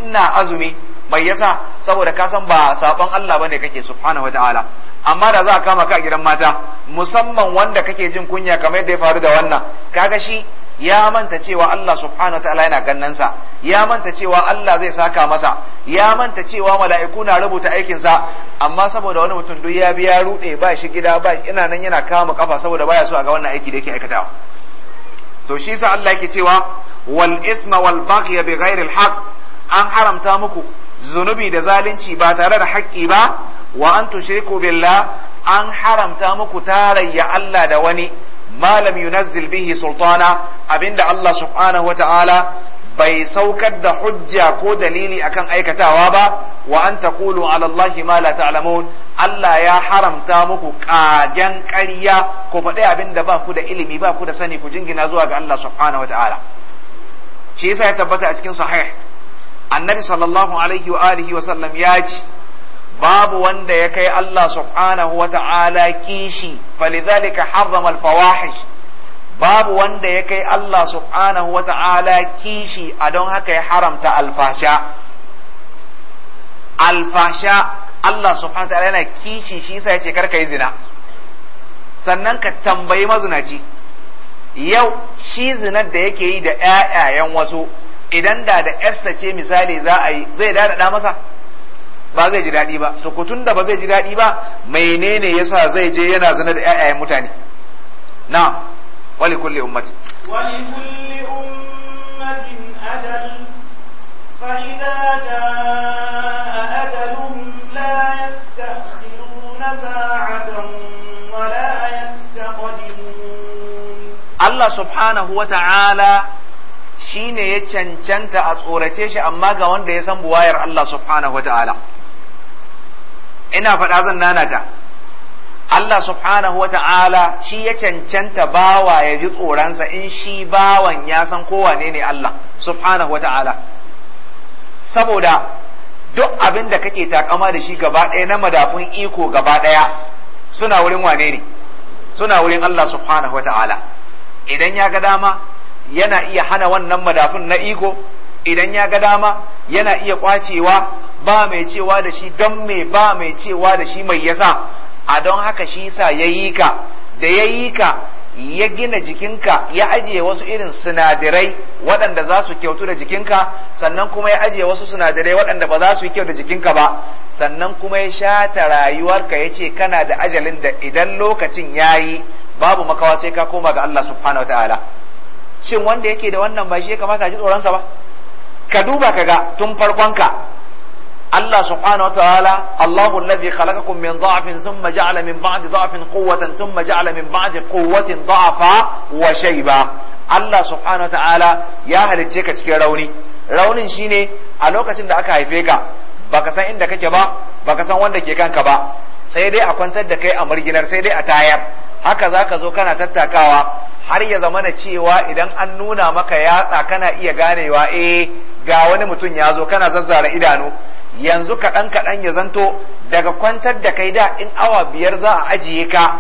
ina azumi mai yasa saboda ka san ba sabon Allah bane kake subhanahu ta'ala amma da za a kama ka a gidan mata musamman wanda kake jin kunya kamar yadda ya faru da wannan kaga shi ya manta cewa Allah subhanahu ta'ala yana gannansa ya manta cewa Allah zai saka masa ya manta cewa mala'iku na rubuta aikin sa amma saboda wani mutum duk ya biya rude ba shi gida ba ina nan yana kama kafa saboda baya so a ga wannan aiki da yake aikatawa to shi yasa Allah yake cewa wal isma wal baghy bi ghairi al haqq an haramta muku zunubi da zalunci ba tare da haƙƙi ba wa an tushriku billah an haramta muku tarayya Allah da wani malam yunazzil bihi sultana abinda Allah subhanahu wa ta'ala bai saukar da hujja ko dalili akan aikatawa ba wa an taqulu ala Allahi ma la ta'lamun Allah ya haramta muku kagen ƙarya ko faɗi abin da ba ku da ilimi ba ku da sani ku jingina zuwa ga Allah subhanahu wataala shi yasa ya tabbata a cikin sahih annabi sallallahu alaihi wa alihi wa sallam ya ci babu wanda ya kai Allah subhanahu Ta'ala kishi falidhalika harrama al-fawahish babu wanda ya kai Allah subhanahu wa ta'ala kishi a don haka ya haramta alfasha alfasha Allah subhanahu wa ta'ala yana kishi shi yasa ya ce karka yi zina sannan ka tambayi mazinaci yau shi zinar da yake yi da ƴaƴayen wasu idan da da yarsa ce misali za a yi zai daɗaɗa masa ba zai ji daɗi ba to kutun da ba zai ji daɗi ba menene yasa zai je yana zina da ƴaƴayen mutane Na. ولكل أمة ولكل أمة أجل فإذا جاء أجلهم لا يستأخرون ساعة ولا يستقدمون الله سبحانه وتعالى shine ya cancanta a tsorace shi amma ga wanda ya san buwayar Allah subhanahu wa ta'ala ina faɗa zan nanata Allah subhanahu wa ta'ala shi ya cancanta bawa ya ji tsoronsa in shi bawan ya san kowa ne Allah subhanahu wa ta'ala. saboda duk abin da kake takama da shi gaba ɗaya na madafun iko gaba ɗaya suna wurin wane ne suna wurin Allah subhanahu wa ta'ala. idan ya ga dama yana iya hana wannan madafin na iko idan ya ga dama yana iya kwacewa ba mai cewa da shi don mai ba mai cewa da shi mai yasa a don haka shi sa ya yi ka da ya yi ka ya gina jikinka ya ajiye wasu irin sinadirai waɗanda za su kyautu da jikinka sannan kuma ya ajiye wasu sinadarai waɗanda ba za su yi kyau da jikinka ba sannan kuma ya shata rayuwarka ya ce kana da ajalin da idan lokacin ya yi babu makawa sai ka koma ga Allah subhanahu ta'ala shin wanda yake da wannan ba shi ya kamata ji tsoronsa ba ka duba ka ga tun farkonka Allah subhanahu wa ta'ala Allahu alladhi khalaka min dha'fin thumma ja'ala min ba'di dha'fin quwwatan thumma ja'ala min ba'di quwwatin dha'fa wa shayba Allah subhanahu wa ta'ala ya halicce ka cikin rauni raunin shine a lokacin da aka haife ka baka san inda kake ba baka san wanda ke kanka ba sai dai a kwantar da kai a murginar sai dai a tayar haka zaka zo kana tattakawa har ya zamana cewa idan an nuna maka yatsa kana iya ganewa eh ga wani mutum ya zo kana zazzara idanu yanzu kaɗan kaɗan ya zanto daga kwantar da kai da in awa biyar za a ajiye ka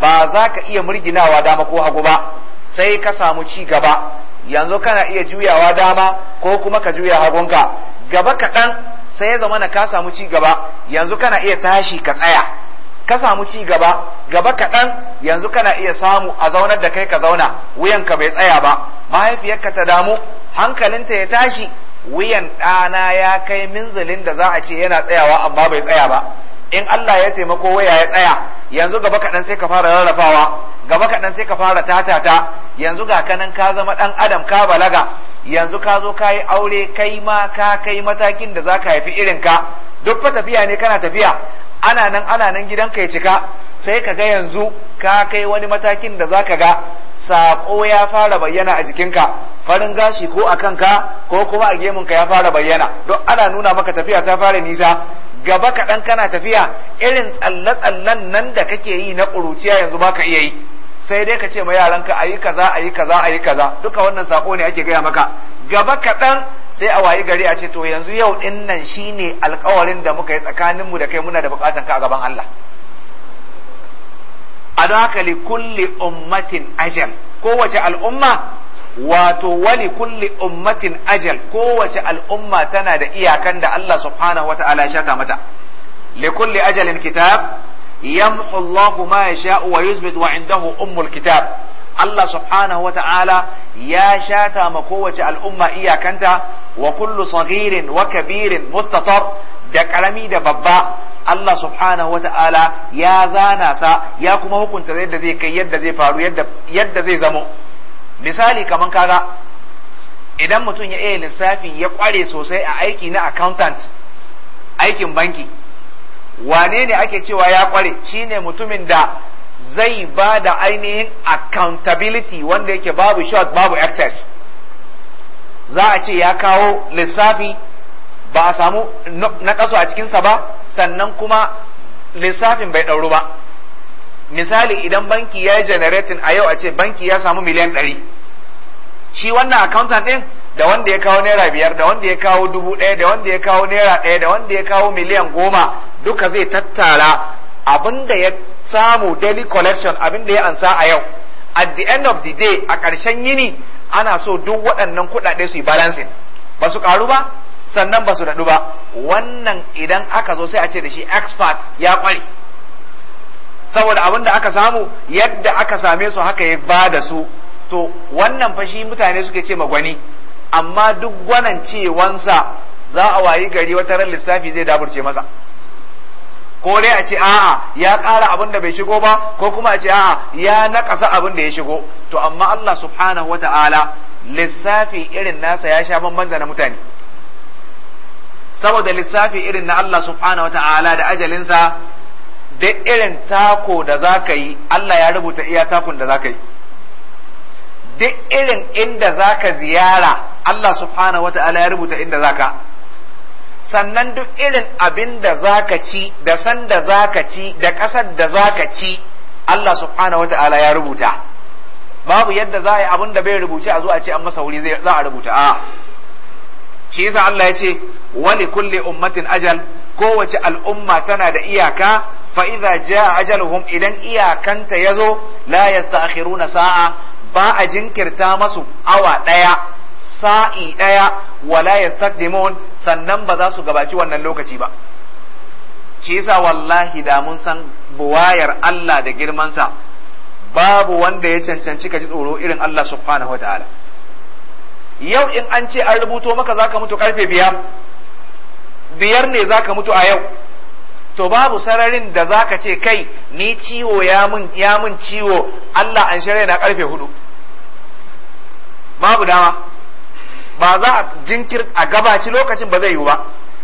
ba za ka iya murginawa dama ko hagu ba sai ka samu ci gaba yanzu kana iya juyawa dama ko kuma ka juya hagunka gaba kaɗan sai ya zama na ka samu ci gaba yanzu kana iya tashi ka tsaya ka samu ci gaba gaba kaɗan yanzu kana iya samu a zaunar da kai ka zauna wuyanka bai tsaya ba mahaifiyarka ta damu hankalinta ya tashi wuyan ɗana ya kai minzalin da za a ce yana tsayawa amma bai tsaya ba in Allah ya taimako waya ya tsaya yanzu gaba kaɗan sai ka fara rarrafawa gaba kaɗan sai ka fara tatata yanzu ga kanan ka zama ɗan adam ka balaga yanzu ka zo ka yi aure kai ma ka kai matakin da za ka haifi irin ka duk fa tafiya ne kana tafiya ana nan ana nan gidanka ya cika sai ka ga yanzu ka kai wani matakin da za ka ga saƙo ya fara bayyana a jikinka farin gashi ko a kanka ko kuma a gemunka ya fara bayyana don ana nuna maka tafiya ta fara nisa gaba kaɗan kana tafiya irin tsalle-tsallen nan da kake yi na ƙuruciya yanzu ba ka iya yi sai dai ka ce ma yaranka a yi kaza a yi kaza a yi kaza duka wannan saƙo ne ake gaya maka gaba kaɗan sai a wayi gari a ce to yanzu yau ɗin nan shine alƙawarin da muka yi tsakaninmu da kai muna da buƙatan ka a gaban Allah a haka li kulli ummatin ajal kowace al'umma wato wali kulli ummatin ajal kowace al'umma tana da iyakan da Allah subhanahu wata'ala ya mata li kulli ajalin kitab yamhu Allahu ma yasha'u wa yuthbit wa indahu ummul kitab Allah subhanahu wa ta'ala ya shata ma kowace al'umma iyakanta wa kullu saghirin wa kabirin mustatar da karami da babba Allah subhanahu wa ta'ala ya zana sa ya kuma hukunta yadda zai kai yadda zai faru yadda zai zamo misali kamar kaga idan mutum ya iya lissafi ya kware sosai a aiki na accountant aikin banki wane ne ake cewa ya kware shine mutumin da zai ba da ainihin accountability wanda yake babu short babu excess za a ce ya kawo lissafi ba a samu na kaso a cikinsa ba sannan kuma lissafin bai ɗauru ba misali idan banki ya yi generating a yau a ce banki ya samu miliyan ɗari shi wannan accountant ɗin da wanda ya kawo naira biyar da wanda ya kawo dubu ɗaya da wanda ya kawo naira ɗaya da wanda ya kawo miliyan goma duka zai tattara abin da ya samu daily collection abin da ya ansa a yau at the end of the day a ƙarshen yini ana so duk waɗannan kuɗaɗe su yi balancing ba su ƙaru ba sannan ba su daɗu ba wannan idan aka zo sai a ce da shi expert ya ƙware saboda abin da aka samu yadda aka same su haka ya ba da su to wannan fashi mutane suke ce magwani amma duk gwanan cewansa za a wayi gari wata ran lissafi zai daburce masa ko dai a ce a'a ya ƙara abin da bai shigo ba ko kuma a ce a'a ya naƙasa abin da ya shigo to amma Allah subhanahu wata'ala lissafi irin nasa ya sha bamban da na mutane saboda lissafi irin na Allah subhanahu wata'ala da ajalinsa duk irin tako da za ka yi Allah ya rubuta iya takun da za ka yi duk irin inda za ka ziyara Allah subhanahu wata'ala ya rubuta inda za ka sannan duk irin abin da ka ci da san da ka ci da ƙasar da za ka ci Allah subhanahu Ta'ala ya rubuta babu yadda za a yi abin da bai rubuce a zo a ce an masa wuri za a rubuta a shi yasa Allah ya ce wali kulli ummatin ajal kowace al'umma tana da iyaka fa idza jaa ajaluhum idan iyakanta yazo la yasta'khiruna sa'a ba a jinkirta masu awa ɗaya. sa'i ɗaya wala yastaqdimun sannan ba za su gabaci wannan lokaci ba Ce sa wallahi da mun san buwayar Allah da girmansa babu wanda ya cancanci ka ji tsoro irin Allah subhanahu wataala yau in an ce an rubuto maka zaka mutu karfe biyar biyar ne zaka mutu a yau to babu sararin da zaka ce kai ni ciwo ya mun ciwo Allah an shirya na karfe hudu babu dama ba za a jinkir a gabaci lokacin ba zai yiwu ba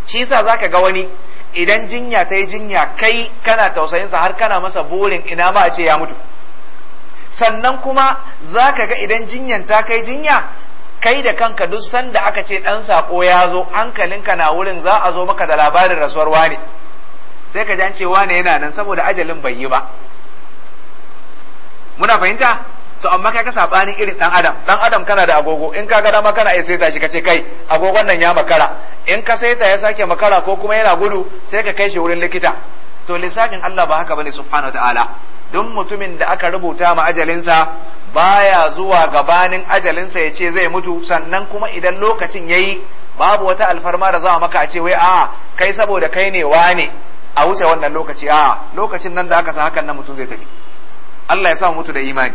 shi yasa zaka ga wani idan jinya ta yi jinya kai kana tausayin sa har kana masa burin ina ma a ce ya mutu sannan kuma zaka ga idan jinyan ta kai jinya kai da kanka duk sanda aka ce dan sako ya zo hankalinka na wurin za a zo maka da labarin rasuwar wane sai ka ji an ce wane yana nan saboda ajalin bai yi ba muna fahimta to amma kai ka sabanin irin dan adam dan adam kana da agogo in ka ga dama kana iya saita shi kace kai agogon nan ya makara in ka saita ya sake makara ko kuma yana gudu sai ka kai shi wurin likita to lissafin Allah ba haka bane subhanahu wataala don mutumin da aka rubuta ma ajalinsa baya zuwa gabanin ajalinsa ya ce zai mutu sannan kuma idan lokacin yayi babu wata alfarma da za a maka a ce wai a kai saboda kai ne wane a wuce wannan lokaci a lokacin nan da aka sa hakan nan mutum zai tafi Allah ya sa mutu da imani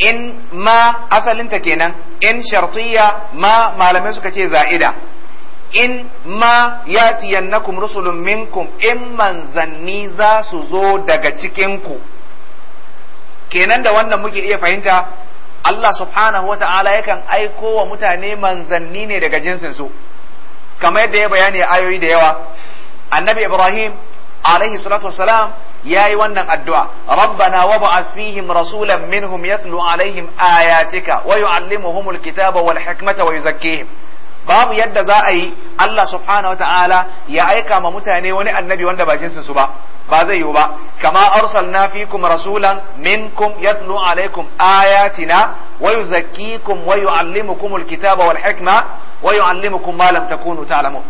in ma asalinta kenan in shartiya ma malamai suka ce za'ida in ma yatiyannakum rusulun minkum in manzanni za su zo daga cikinku kenan da wannan muke iya fahimta Allah subhanahu wa ta'ala yakan aiko wa mutane manzanni ne daga jinsinsu kamar yadda ya bayani ayoyi da yawa annabi ibrahim alaihi salatu wasalam yayi wannan addu'a rabbana wa ba'ath fihim rasulan minhum yatlu alaihim ayatika wa yu'allimuhumul kitaba wal hikmata wa yuzakkihim babu yadda za a yi Allah subhanahu wataala ya aika ma mutane wani annabi wanda ba jinsin su ba ba zai yiwu ba kama arsalna fikum rasulan minkum yatlu alaikum ayatina wa yuzakkikum wa yuallimukumul kitaba wal hikma wa yuallimukum ma lam takunu ta'lamun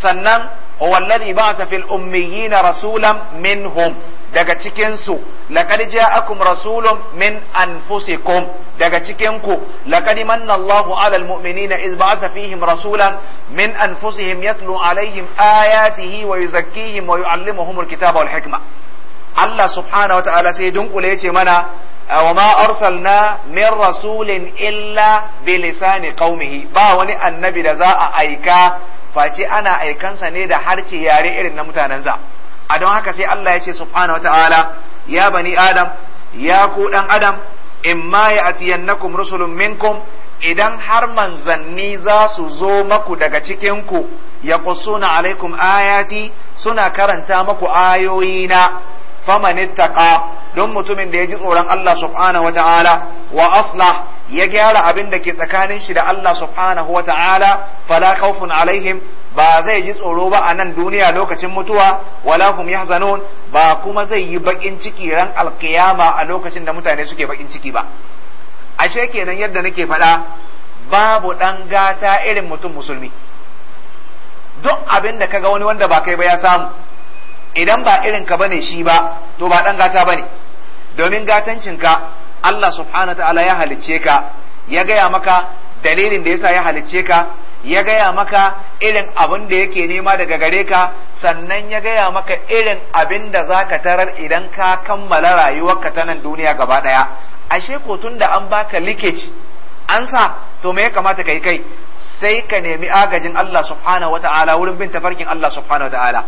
sannan huwa alladhi ba'atha fil ummiyina rasulan minhum daga cikinsu su laqad ja'akum rasulun min anfusikum daga cikin ku laqad manna Allahu 'ala al-mu'minina idh ba'atha fihim rasulan min anfusihim yatlu 'alayhim ayatihi wa yuzakkihim wa yu'allimuhum al-kitaba wal hikma Allah subhanahu wa ta'ala sai dunkule yace mana وما أرسلنا من رسول إلا بلسان قومه ba wani annabi da za a aika face ana aikansa ne da harce yare irin na mutanensa a don haka sai Allah ya ce subhanahu wataala ya bani adam ya ku dan adam in ma ya atiyannakum rusulun minkum idan har manzanni za su zo maku daga cikinku ya kusuna alaikum ayati suna karanta maku ayoyina faman ittaqa don mutumin da ya ji tsoron Allah subhanahu wata'ala wa aslah ya gyara abin da ke tsakanin shi da Allah subhanahu wata'ala fala khawfun alaihim ba zai ji tsoro ba a nan duniya lokacin mutuwa wala hum yahzanun ba kuma zai yi bakin ciki ran alkiyama a lokacin da mutane suke bakin ciki ba ashe kenan yadda nake faɗa babu ɗan gata irin mutum musulmi duk abin da kaga wani wanda ba kai ba ya samu idan ba irin ka bane shi ba to ba dan gata bane domin gatancin ka Allah subhanahu ta'ala ya halicce ka ya gaya maka dalilin da yasa ya halicce ka ya gaya maka irin abin da yake nema daga gare ka sannan ya gaya maka irin abin da zaka tarar idan ka kammala rayuwarka ta nan duniya gaba ɗaya ashe ko tun da an baka leakage an sa to me ya kamata kai kai sai ka nemi agajin Allah subhanahu ta'ala wurin bin tafarkin Allah subhanahu ta'ala.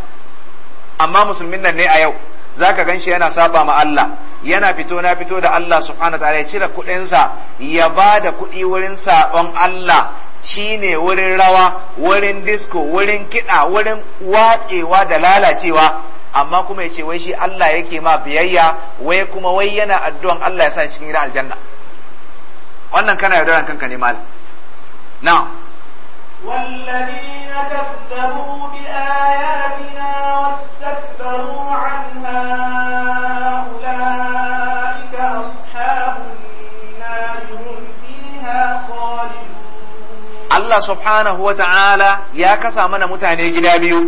amma musulmin nan ne a yau zaka shi yana saba ma Allah yana fito na fito da Allah subhanahu ta'ala ya cire sa ya ba da kuɗi wurin saɓon Allah shine wurin rawa wurin disco wurin kiɗa wurin watsewa da lalacewa amma kuma ya ce wai shi Allah yake ma biyayya wai kuma wai yana addu'an Allah ya sa cikin gidan aljanna wannan kana yaudaran kanka ne mal na والذين كذبوا بآياتنا واستكبروا عنها أولئك أصحاب النار هم فيها خالدون الله سبحانه وتعالى يا من متعني جلابيو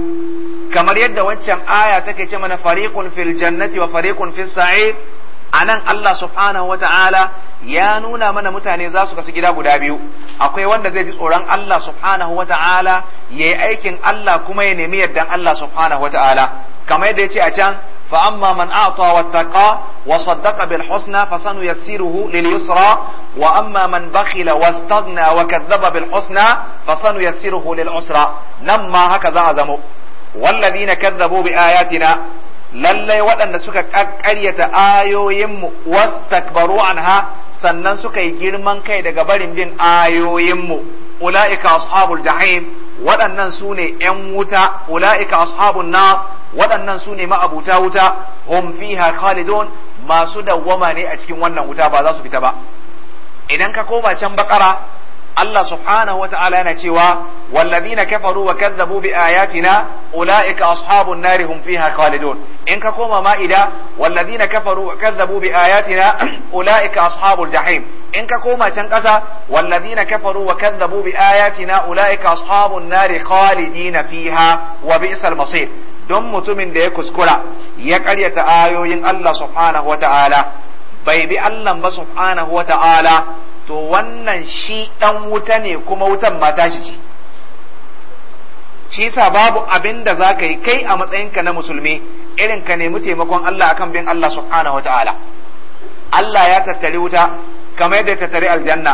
كما يد وانشم آية تكي فريق في الجنة وفريق في wa a nan Allah subhanahu wata'ala ya nuna mana mutane za su kasu gida guda biyu akwai wanda zai ji tsoron Allah subhanahu wata'ala ya yi aikin Allah kuma ya nemi yardan Allah subhanahu wata'ala kamar yadda ya ce a can فأما من أعطى واتقى وصدق بالحسنى فسنيسره لليسرى وأما من بخل واستغنى وكذب بالحسنى فسنيسره للعسرى لما هكذا عزموا والذين كذبوا بآياتنا lallai waɗanda suka ƙaryata ayoyinmu wastakbaru anha sannan suka yi girman kai daga barin bin ayoyinmu ula'ika ashabul jahim waɗannan su ne ‘yan wuta ula'ika ashabun na waɗannan su ne ma'abuta wuta hum fiha khalidun masu dawwama ne a cikin wannan wuta ba za su fita ba idan ka koma can bakara Allah subhanahu wata'ala yana cewa wallazina kafaru wa kazzabu bi ayatina ulaika ashabun nari hum fiha khalidun in ka koma ma'ida wallazina kafaru wa kazzabu bi ayatina [clears throat] ulaika ashabul jahim in ka koma can ƙasa wallazina kafaru wa kazzabu bi ayatina ulaika ashabun nari khalidina fiha wa bi'sal masir don mutumin da ya kuskura ya karyata ayoyin Allah subhanahu wata'ala bai bi Allah ba subhanahu wata'ala to wannan shi ɗan wuta ne kuma wutan ma tashi ce shi sa babu abin da za ka yi kai a matsayinka na musulmi irin ka nemi taimakon Allah akan bin Allah subhanahu wa ta'ala Allah ya tattari wuta kamar yadda ya tattare aljanna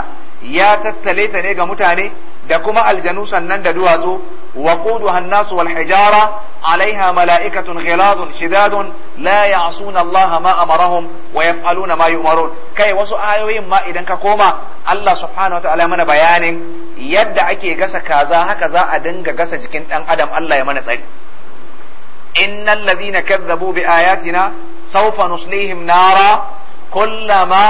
ya tattale ta ne ga mutane da kuma aljanu sannan da duwatsu wa quduha an-nas wal hijara alaiha mala'ikatun ghiladun shidadun la ya'suna Allah ma amarahum wa yaf'aluna ma yu'marun kai wasu ayoyin ma idan ka koma Allah subhanahu wataala mana bayanin yadda ake gasa kaza haka za a dinga gasa jikin dan adam Allah ya mana tsari innal ladhina kadzabu bi ayatina sawfa nuslihim nara كلما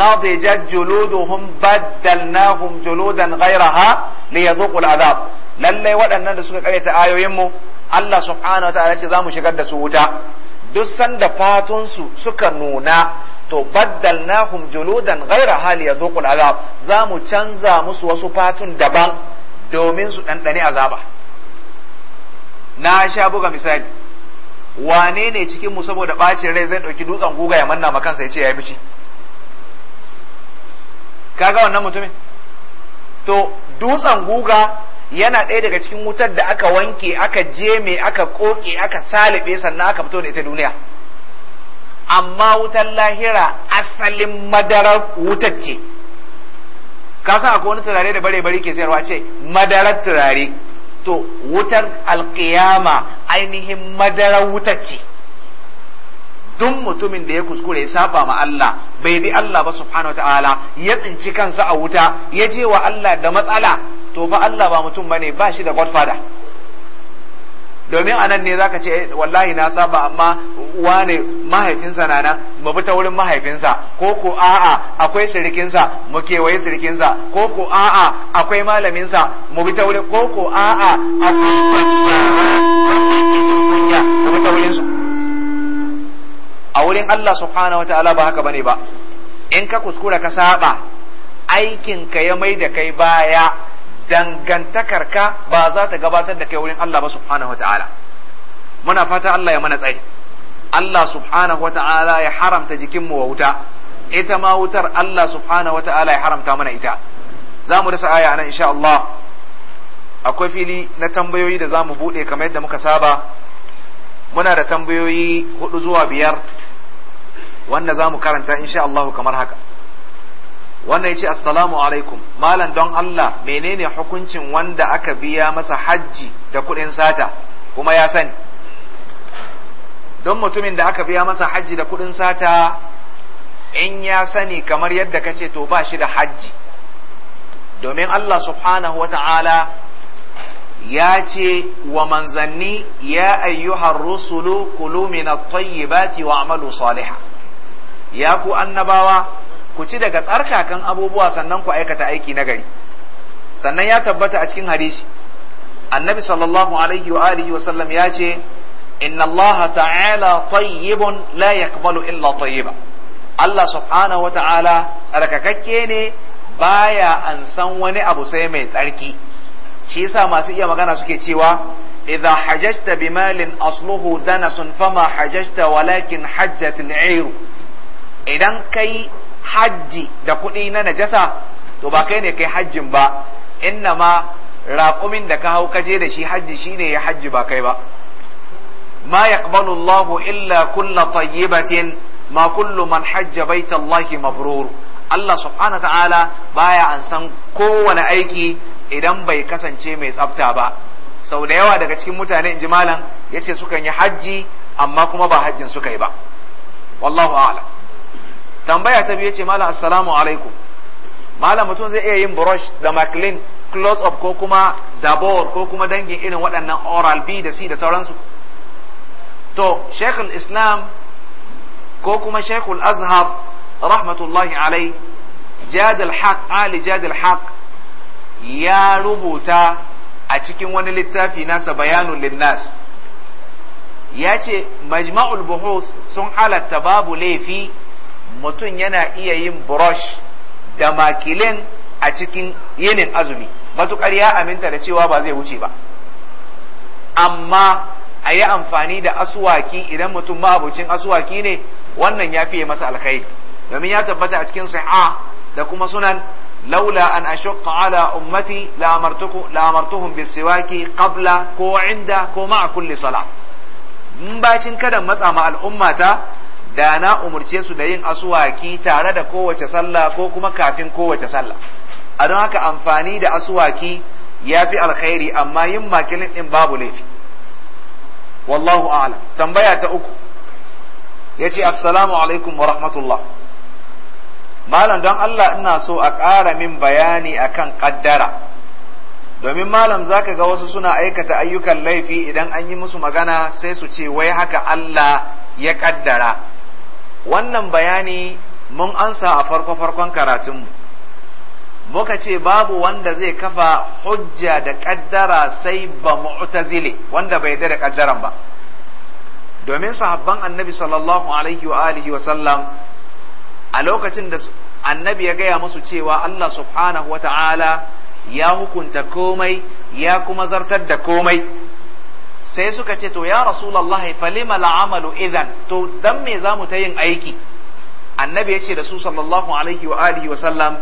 نضجت جلودهم بدلناهم جلودا غيرها ليذوقوا العذاب lallai waɗannan da suka karyata ayoyinmu Allah subhanahu wataala ce za mu shigar da su wuta duk sanda fatunsu suka nuna to baddalnahum juludan ghaira hali yazuqul azab za mu canza musu wasu fatun daban domin su ɗanɗani azaba na sha buga misali wane ne cikin mu saboda bacin rai zai dauki dutsen guga ya manna ma kansa ya ce ya bishi kaga wannan mutumin to dutsen guga yana ɗaya daga cikin wutar da aka wanke aka je jeme aka koke aka salibe sannan aka fito da ita duniya amma wutar lahira asalin madarar wutar ce ka san akwai wani turare da bare bare ke sayarwa ce madarar turare to wutar alkiyama ainihin madara wutar ce duk mutumin da ya kuskure ya saba ma Allah bai bi Allah ba subhanahu wataala ya tsinci kansa a wuta ya je wa Allah da matsala to ba Allah ba mutum bane ba shi da godfather domin a nan ne zaka ce eh, wallahi na saba amma wane mahaifinsa na nan mu bi ta wurin mahaifinsa ko ko a'a akwai sirikinsa mu kewaye sirikinsa ko ko a'a akwai malaminsa mu bi ta wurin ko ko a'a mu bi ta wurin su a wurin Allah subhanahu wataala ba haka bane ba in ka kuskura ka saba aikin ka ya mai da kai baya dangantakarka ba za ta gabatar da kai wurin Allah ba subhanahu wata'ala muna fata Allah ya mana tsari Allah subhanahu wata'ala ya haramta jikinmu wa wuta ita ma wutar Allah subhanahu wata'ala ya haramta mana ita za mu rasa aya nan insha Allah akwai fili na tambayoyi da za mu buɗe kamar yadda muka saba muna da tambayoyi hudu zuwa biyar wanda za mu karanta insha Allah kamar haka wannan yace assalamu alaikum malam don Allah menene hukuncin wanda aka biya masa hajji da kuɗin sata kuma ya sani don mutumin da aka biya masa hajji da kuɗin sata in ya sani kamar yadda kace to ba shi da hajji domin Allah subhanahu ta'ala ya ce wa manzanni ya ayyuhar rusulu kulu min at-tayyibati wa amalu salihah ya ku annabawa ku ci daga tsarkakan abubuwa sannan ku aikata aiki na gari sannan ya tabbata a cikin hadisi annabi sallallahu alaihi wa alihi wa sallam ya ce inna allaha ta'ala tayyibun la yaqbalu illa tayyiba Allah subhanahu wa ta'ala tsarkakakke ne baya an san wani abu sai mai tsarki shi yasa masu iya magana suke cewa idza hajajta bimalin asluhu asluhu danasun fama hajajta walakin hajjatil 'ayr idan kai hajji da kuɗi na najasa to ba kai ne kai hajjin ba inna ma raƙumin da ka hau je da shi hajji shine ya hajji ba kai ba ma yaqbalu Allahu illa kulla tayyibatin ma kullu man hajja baitallahi mabrur Allah subhanahu ta'ala baya an san kowane aiki idan bai kasance mai tsafta ba sau da yawa daga cikin mutane inji malam yace sukan yi hajji amma kuma ba hajjin suka yi ba wallahu a'lam tambaya ta biyu ce malam assalamu alaikum malam mutum zai iya yin brush da maclean close up ko kuma dabor ko kuma dangin irin waɗannan oral b da c da sauransu to shekul islam ko kuma shekul azhar rahmatullahi alai jadil haq ali jadil haq ya rubuta a cikin wani littafi nasa bayanun linnas ya ce majma'ul buhus sun halatta babu laifi mutum yana iya yin brush da makilin a cikin yinin azumi matukar ya aminta da cewa ba zai wuce ba amma a yi amfani da asuwaki idan mutum ma'abucin asuwaki ne wannan ya fiye masa alkhairi domin ya tabbata a cikin sa'a da kuma sunan laula an ashaqqa ala ummati la amartuku la amartuhum bisiwaki qabla ko inda ko ma'a kulli salah in bacin kada matsa ma al'ummata da na umarce su da yin asuwaki tare da kowace sallah ko kuma kafin kowace sallah a don haka amfani da asuwaki ya fi alkhairi amma yin makilin din babu laifi wallahu a'lam tambaya ta uku ya ce assalamu alaikum wa rahmatullah malam don Allah ina so a ƙara min bayani akan ƙaddara domin malam zaka ga wasu suna aikata ayyukan laifi idan an yi musu magana sai su ce wai haka Allah ya ƙaddara wannan bayani mun ansa a farko-farkon karatunmu muka ce babu wanda zai kafa hujja da kaddara sai ba mu'tazile wanda bai da kaddaran ba domin sahabban annabi sallallahu alaihi wa alihi wa sallam a lokacin da annabi ya gaya musu cewa Allah subhanahu wa ta'ala ya hukunta komai ya kuma zartar da komai sai suka ce to ya rasulullahi falima la'amalu idan to dan me zamu ta yin aiki annabi ya ce da su sallallahu alaihi wa alihi wa sallam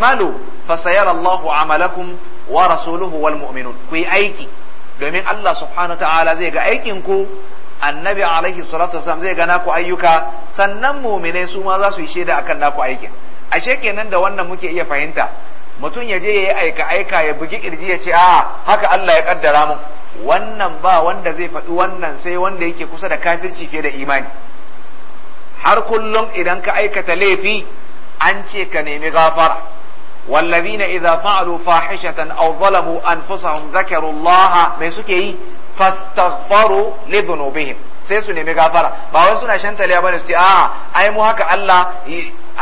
malu fa sayara Allahu amalakum wa rasuluhu wal mu'minun ku yi aiki domin Allah subhanahu wa ta'ala zai ga aikin ku annabi alaihi salatu wasallam zai ga naku ayyuka sannan mu'minai su ma za su yi shaida akan naku aikin ashe kenan da wannan muke iya fahimta mutum ya je ya yi aika aika ya bugi ƙirji, ya ce a haka Allah ya ƙaddara mun wannan ba wanda zai faɗi wannan sai wanda yake kusa da kafirci fiye da imani har kullum idan ka aikata laifi an ce ka nemi gafara wallazina idza fa'alu fahishatan aw zalamu anfusahum zakarullaha mai suke yi fastaghfaru li dhunubihim sai su nemi gafara ba wai suna shantaliya bane su ce a'a ai mu haka Allah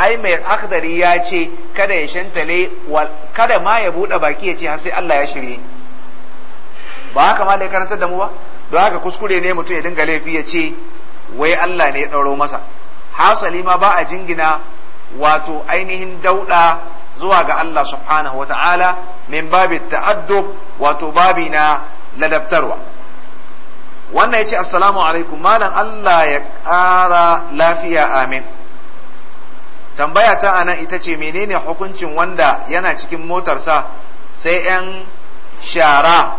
ai mai akhdari ya ce kada ya shantale kada ma ya bude baki ya ce har sai Allah ya shirye ba haka ma ya karantar da mu ba don haka kuskure ne mutum ya dinga laifi ya ce wai Allah ne ya ɗauro masa hasali ma ba a jingina wato ainihin dauɗa zuwa ga Allah subhanahu wata'ala min babin ta'addub wato babi na ladabtarwa wannan yace assalamu alaikum malam Allah ya ƙara lafiya amin tambaya ta anan ita ce menene hukuncin wanda yana cikin motarsa sai 'yan shara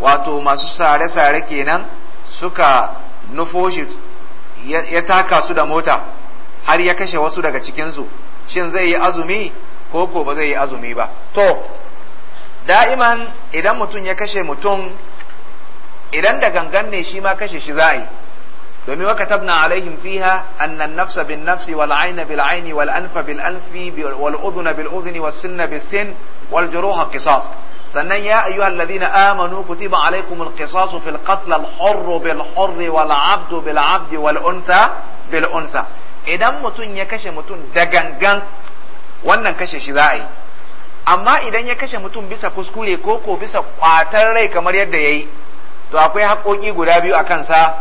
wato masu sare-sare kenan suka nufo ya taka su da mota har ya kashe wasu daga cikinsu shin zai yi azumi ko ko ba zai yi azumi ba to da'iman idan mutum ya kashe mutum idan da gangan ne shi ma kashe shi za a yi domin wa katabna alaihim fiha annan an-nafsa bin-nafsi wal-'ayna bil-'ayni wal-anfa bil-anfi wal-udhuna bil-udhuni was-sinna bis-sin wal-juruha qisas sannan ya ayyuhalladhina amanu kutiba alaykumul qisas fil qatl al-hurr bil-hurr wal-'abd bil-'abd wal-untha bil-untha idan mutun ya kashe mutun da gangan wannan kashe shi za a yi amma idan ya kashe mutum bisa kuskure ko ko bisa kwatar rai kamar yadda yayi to akwai haƙoƙi guda biyu a kansa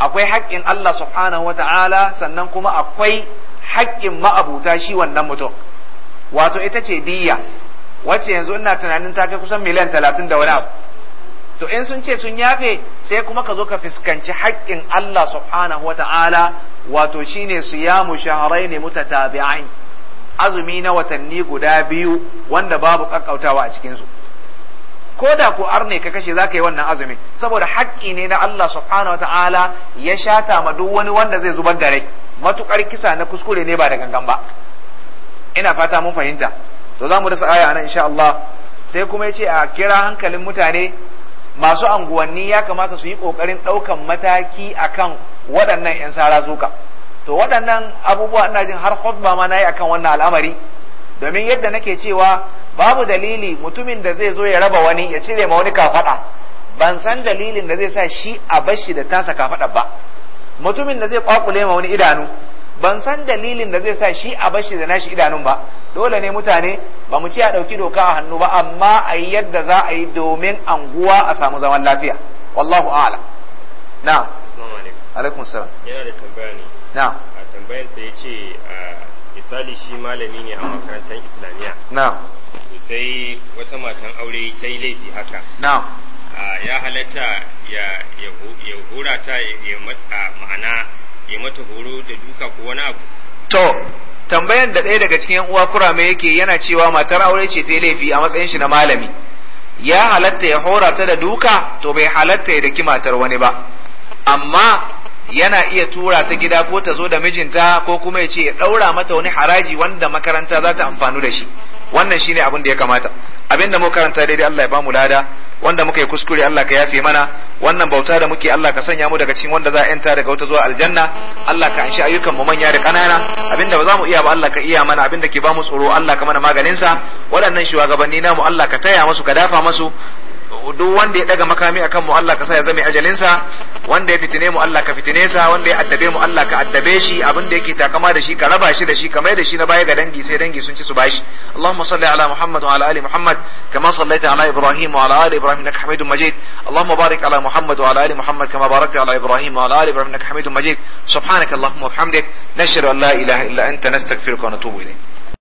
akwai haƙƙin Allah subhanahu wa ta'ala sannan kuma akwai haƙƙin ma'abuta shi wannan mutum wato ita ce diyya wacce yanzu ina tunanin ta kai kusan miliyan talatin da wani abu to in sun ce sun yafe sai kuma ka zo ka fuskanci haƙƙin Allah subhanahu wa ta'ala wato shine siyamu shahrayn mutatabi'ain azumi na watanni guda biyu wanda babu kakkautawa a cikin su ko da ko arne ka kashe za ka yi wannan azumin saboda haƙƙi ne na Allah subhanahu wataala ya shata ma duk wani wanda zai zubar da rai matukar kisa na kuskure ne ba da gangan ba ina fata mun fahimta to za mu dasa aya nan insha Allah sai kuma ya ce a kira hankalin mutane masu anguwanni ya kamata su yi kokarin ɗaukan mataki akan waɗannan 'yan sara zuka to waɗannan abubuwa ina jin har khutba ma yi akan wannan al'amari domin yadda nake cewa babu dalili mutumin da zai zo ya raba wani ya cire ma wani kafada ban san dalilin da zai sa shi a bashi da tasa kafada ba mutumin da zai kwakule ma wani idanu ban san dalilin da zai sa shi a bashi da nashi idanun ba dole ne mutane ba mu ci a ɗauki doka a hannu ba amma a yi yadda za a yi domin anguwa a samu zaman lafiya wallahu a'ala na alaikum salam yana da tambaya ne na a tambayarsa ya ce misali shi malami ne a makarantar islamiyya na sai wata matan aure ta yi laifi haka ya halatta ya hura ta ya ma'ana ya mata horo da duka ko wani abu to tambayan da ɗaya daga cikin uwa kurame yake yana cewa matar aure ce ta laifi a matsayin shi na malami ya halatta ya hora ta da duka to bai halatta ya daki matar wani ba amma yana iya tura ta gida ko ta zo da mijinta ko kuma ya ce ya ɗaura mata wani haraji wanda makaranta za ta amfanu da shi wannan shine abin da ya kamata abin da mu karanta daidai Allah ya bamu lada wanda muka yi kuskure Allah ka yafe mana wannan bauta da muke Allah ka sanya mu daga cikin wanda za a yanta daga wata zuwa aljanna Allah ka anshi ayyukan mu manya da kanana abinda ba za mu iya ba Allah ka iya mana abinda ke bamu tsoro Allah ka mana maganin sa waɗannan shugabanni namu Allah ka taya masu ka dafa masu. duk wanda ya daga makami akan mu Allah ka sa ya zame ajalinsa wanda ya fitine mu Allah ka fitine sa wanda ya addabe mu Allah ka addabe shi abin da yake takama da shi ka raba shi da shi Kamar da shi na baya ga dangi sai dangi sun ci su bashi Allahumma salli ala Muhammad wa ala ali Muhammad kama sallaita ala Ibrahim wa ala ali Ibrahim innaka Hamidum Majid Allahumma barik ala Muhammad wa ala ali Muhammad kama barakta ala Ibrahim wa ala ali Ibrahim innaka Hamidum Majid subhanaka Allahumma wa bihamdik nashhadu an la ilaha illa anta nastaghfiruka wa natubu ilayk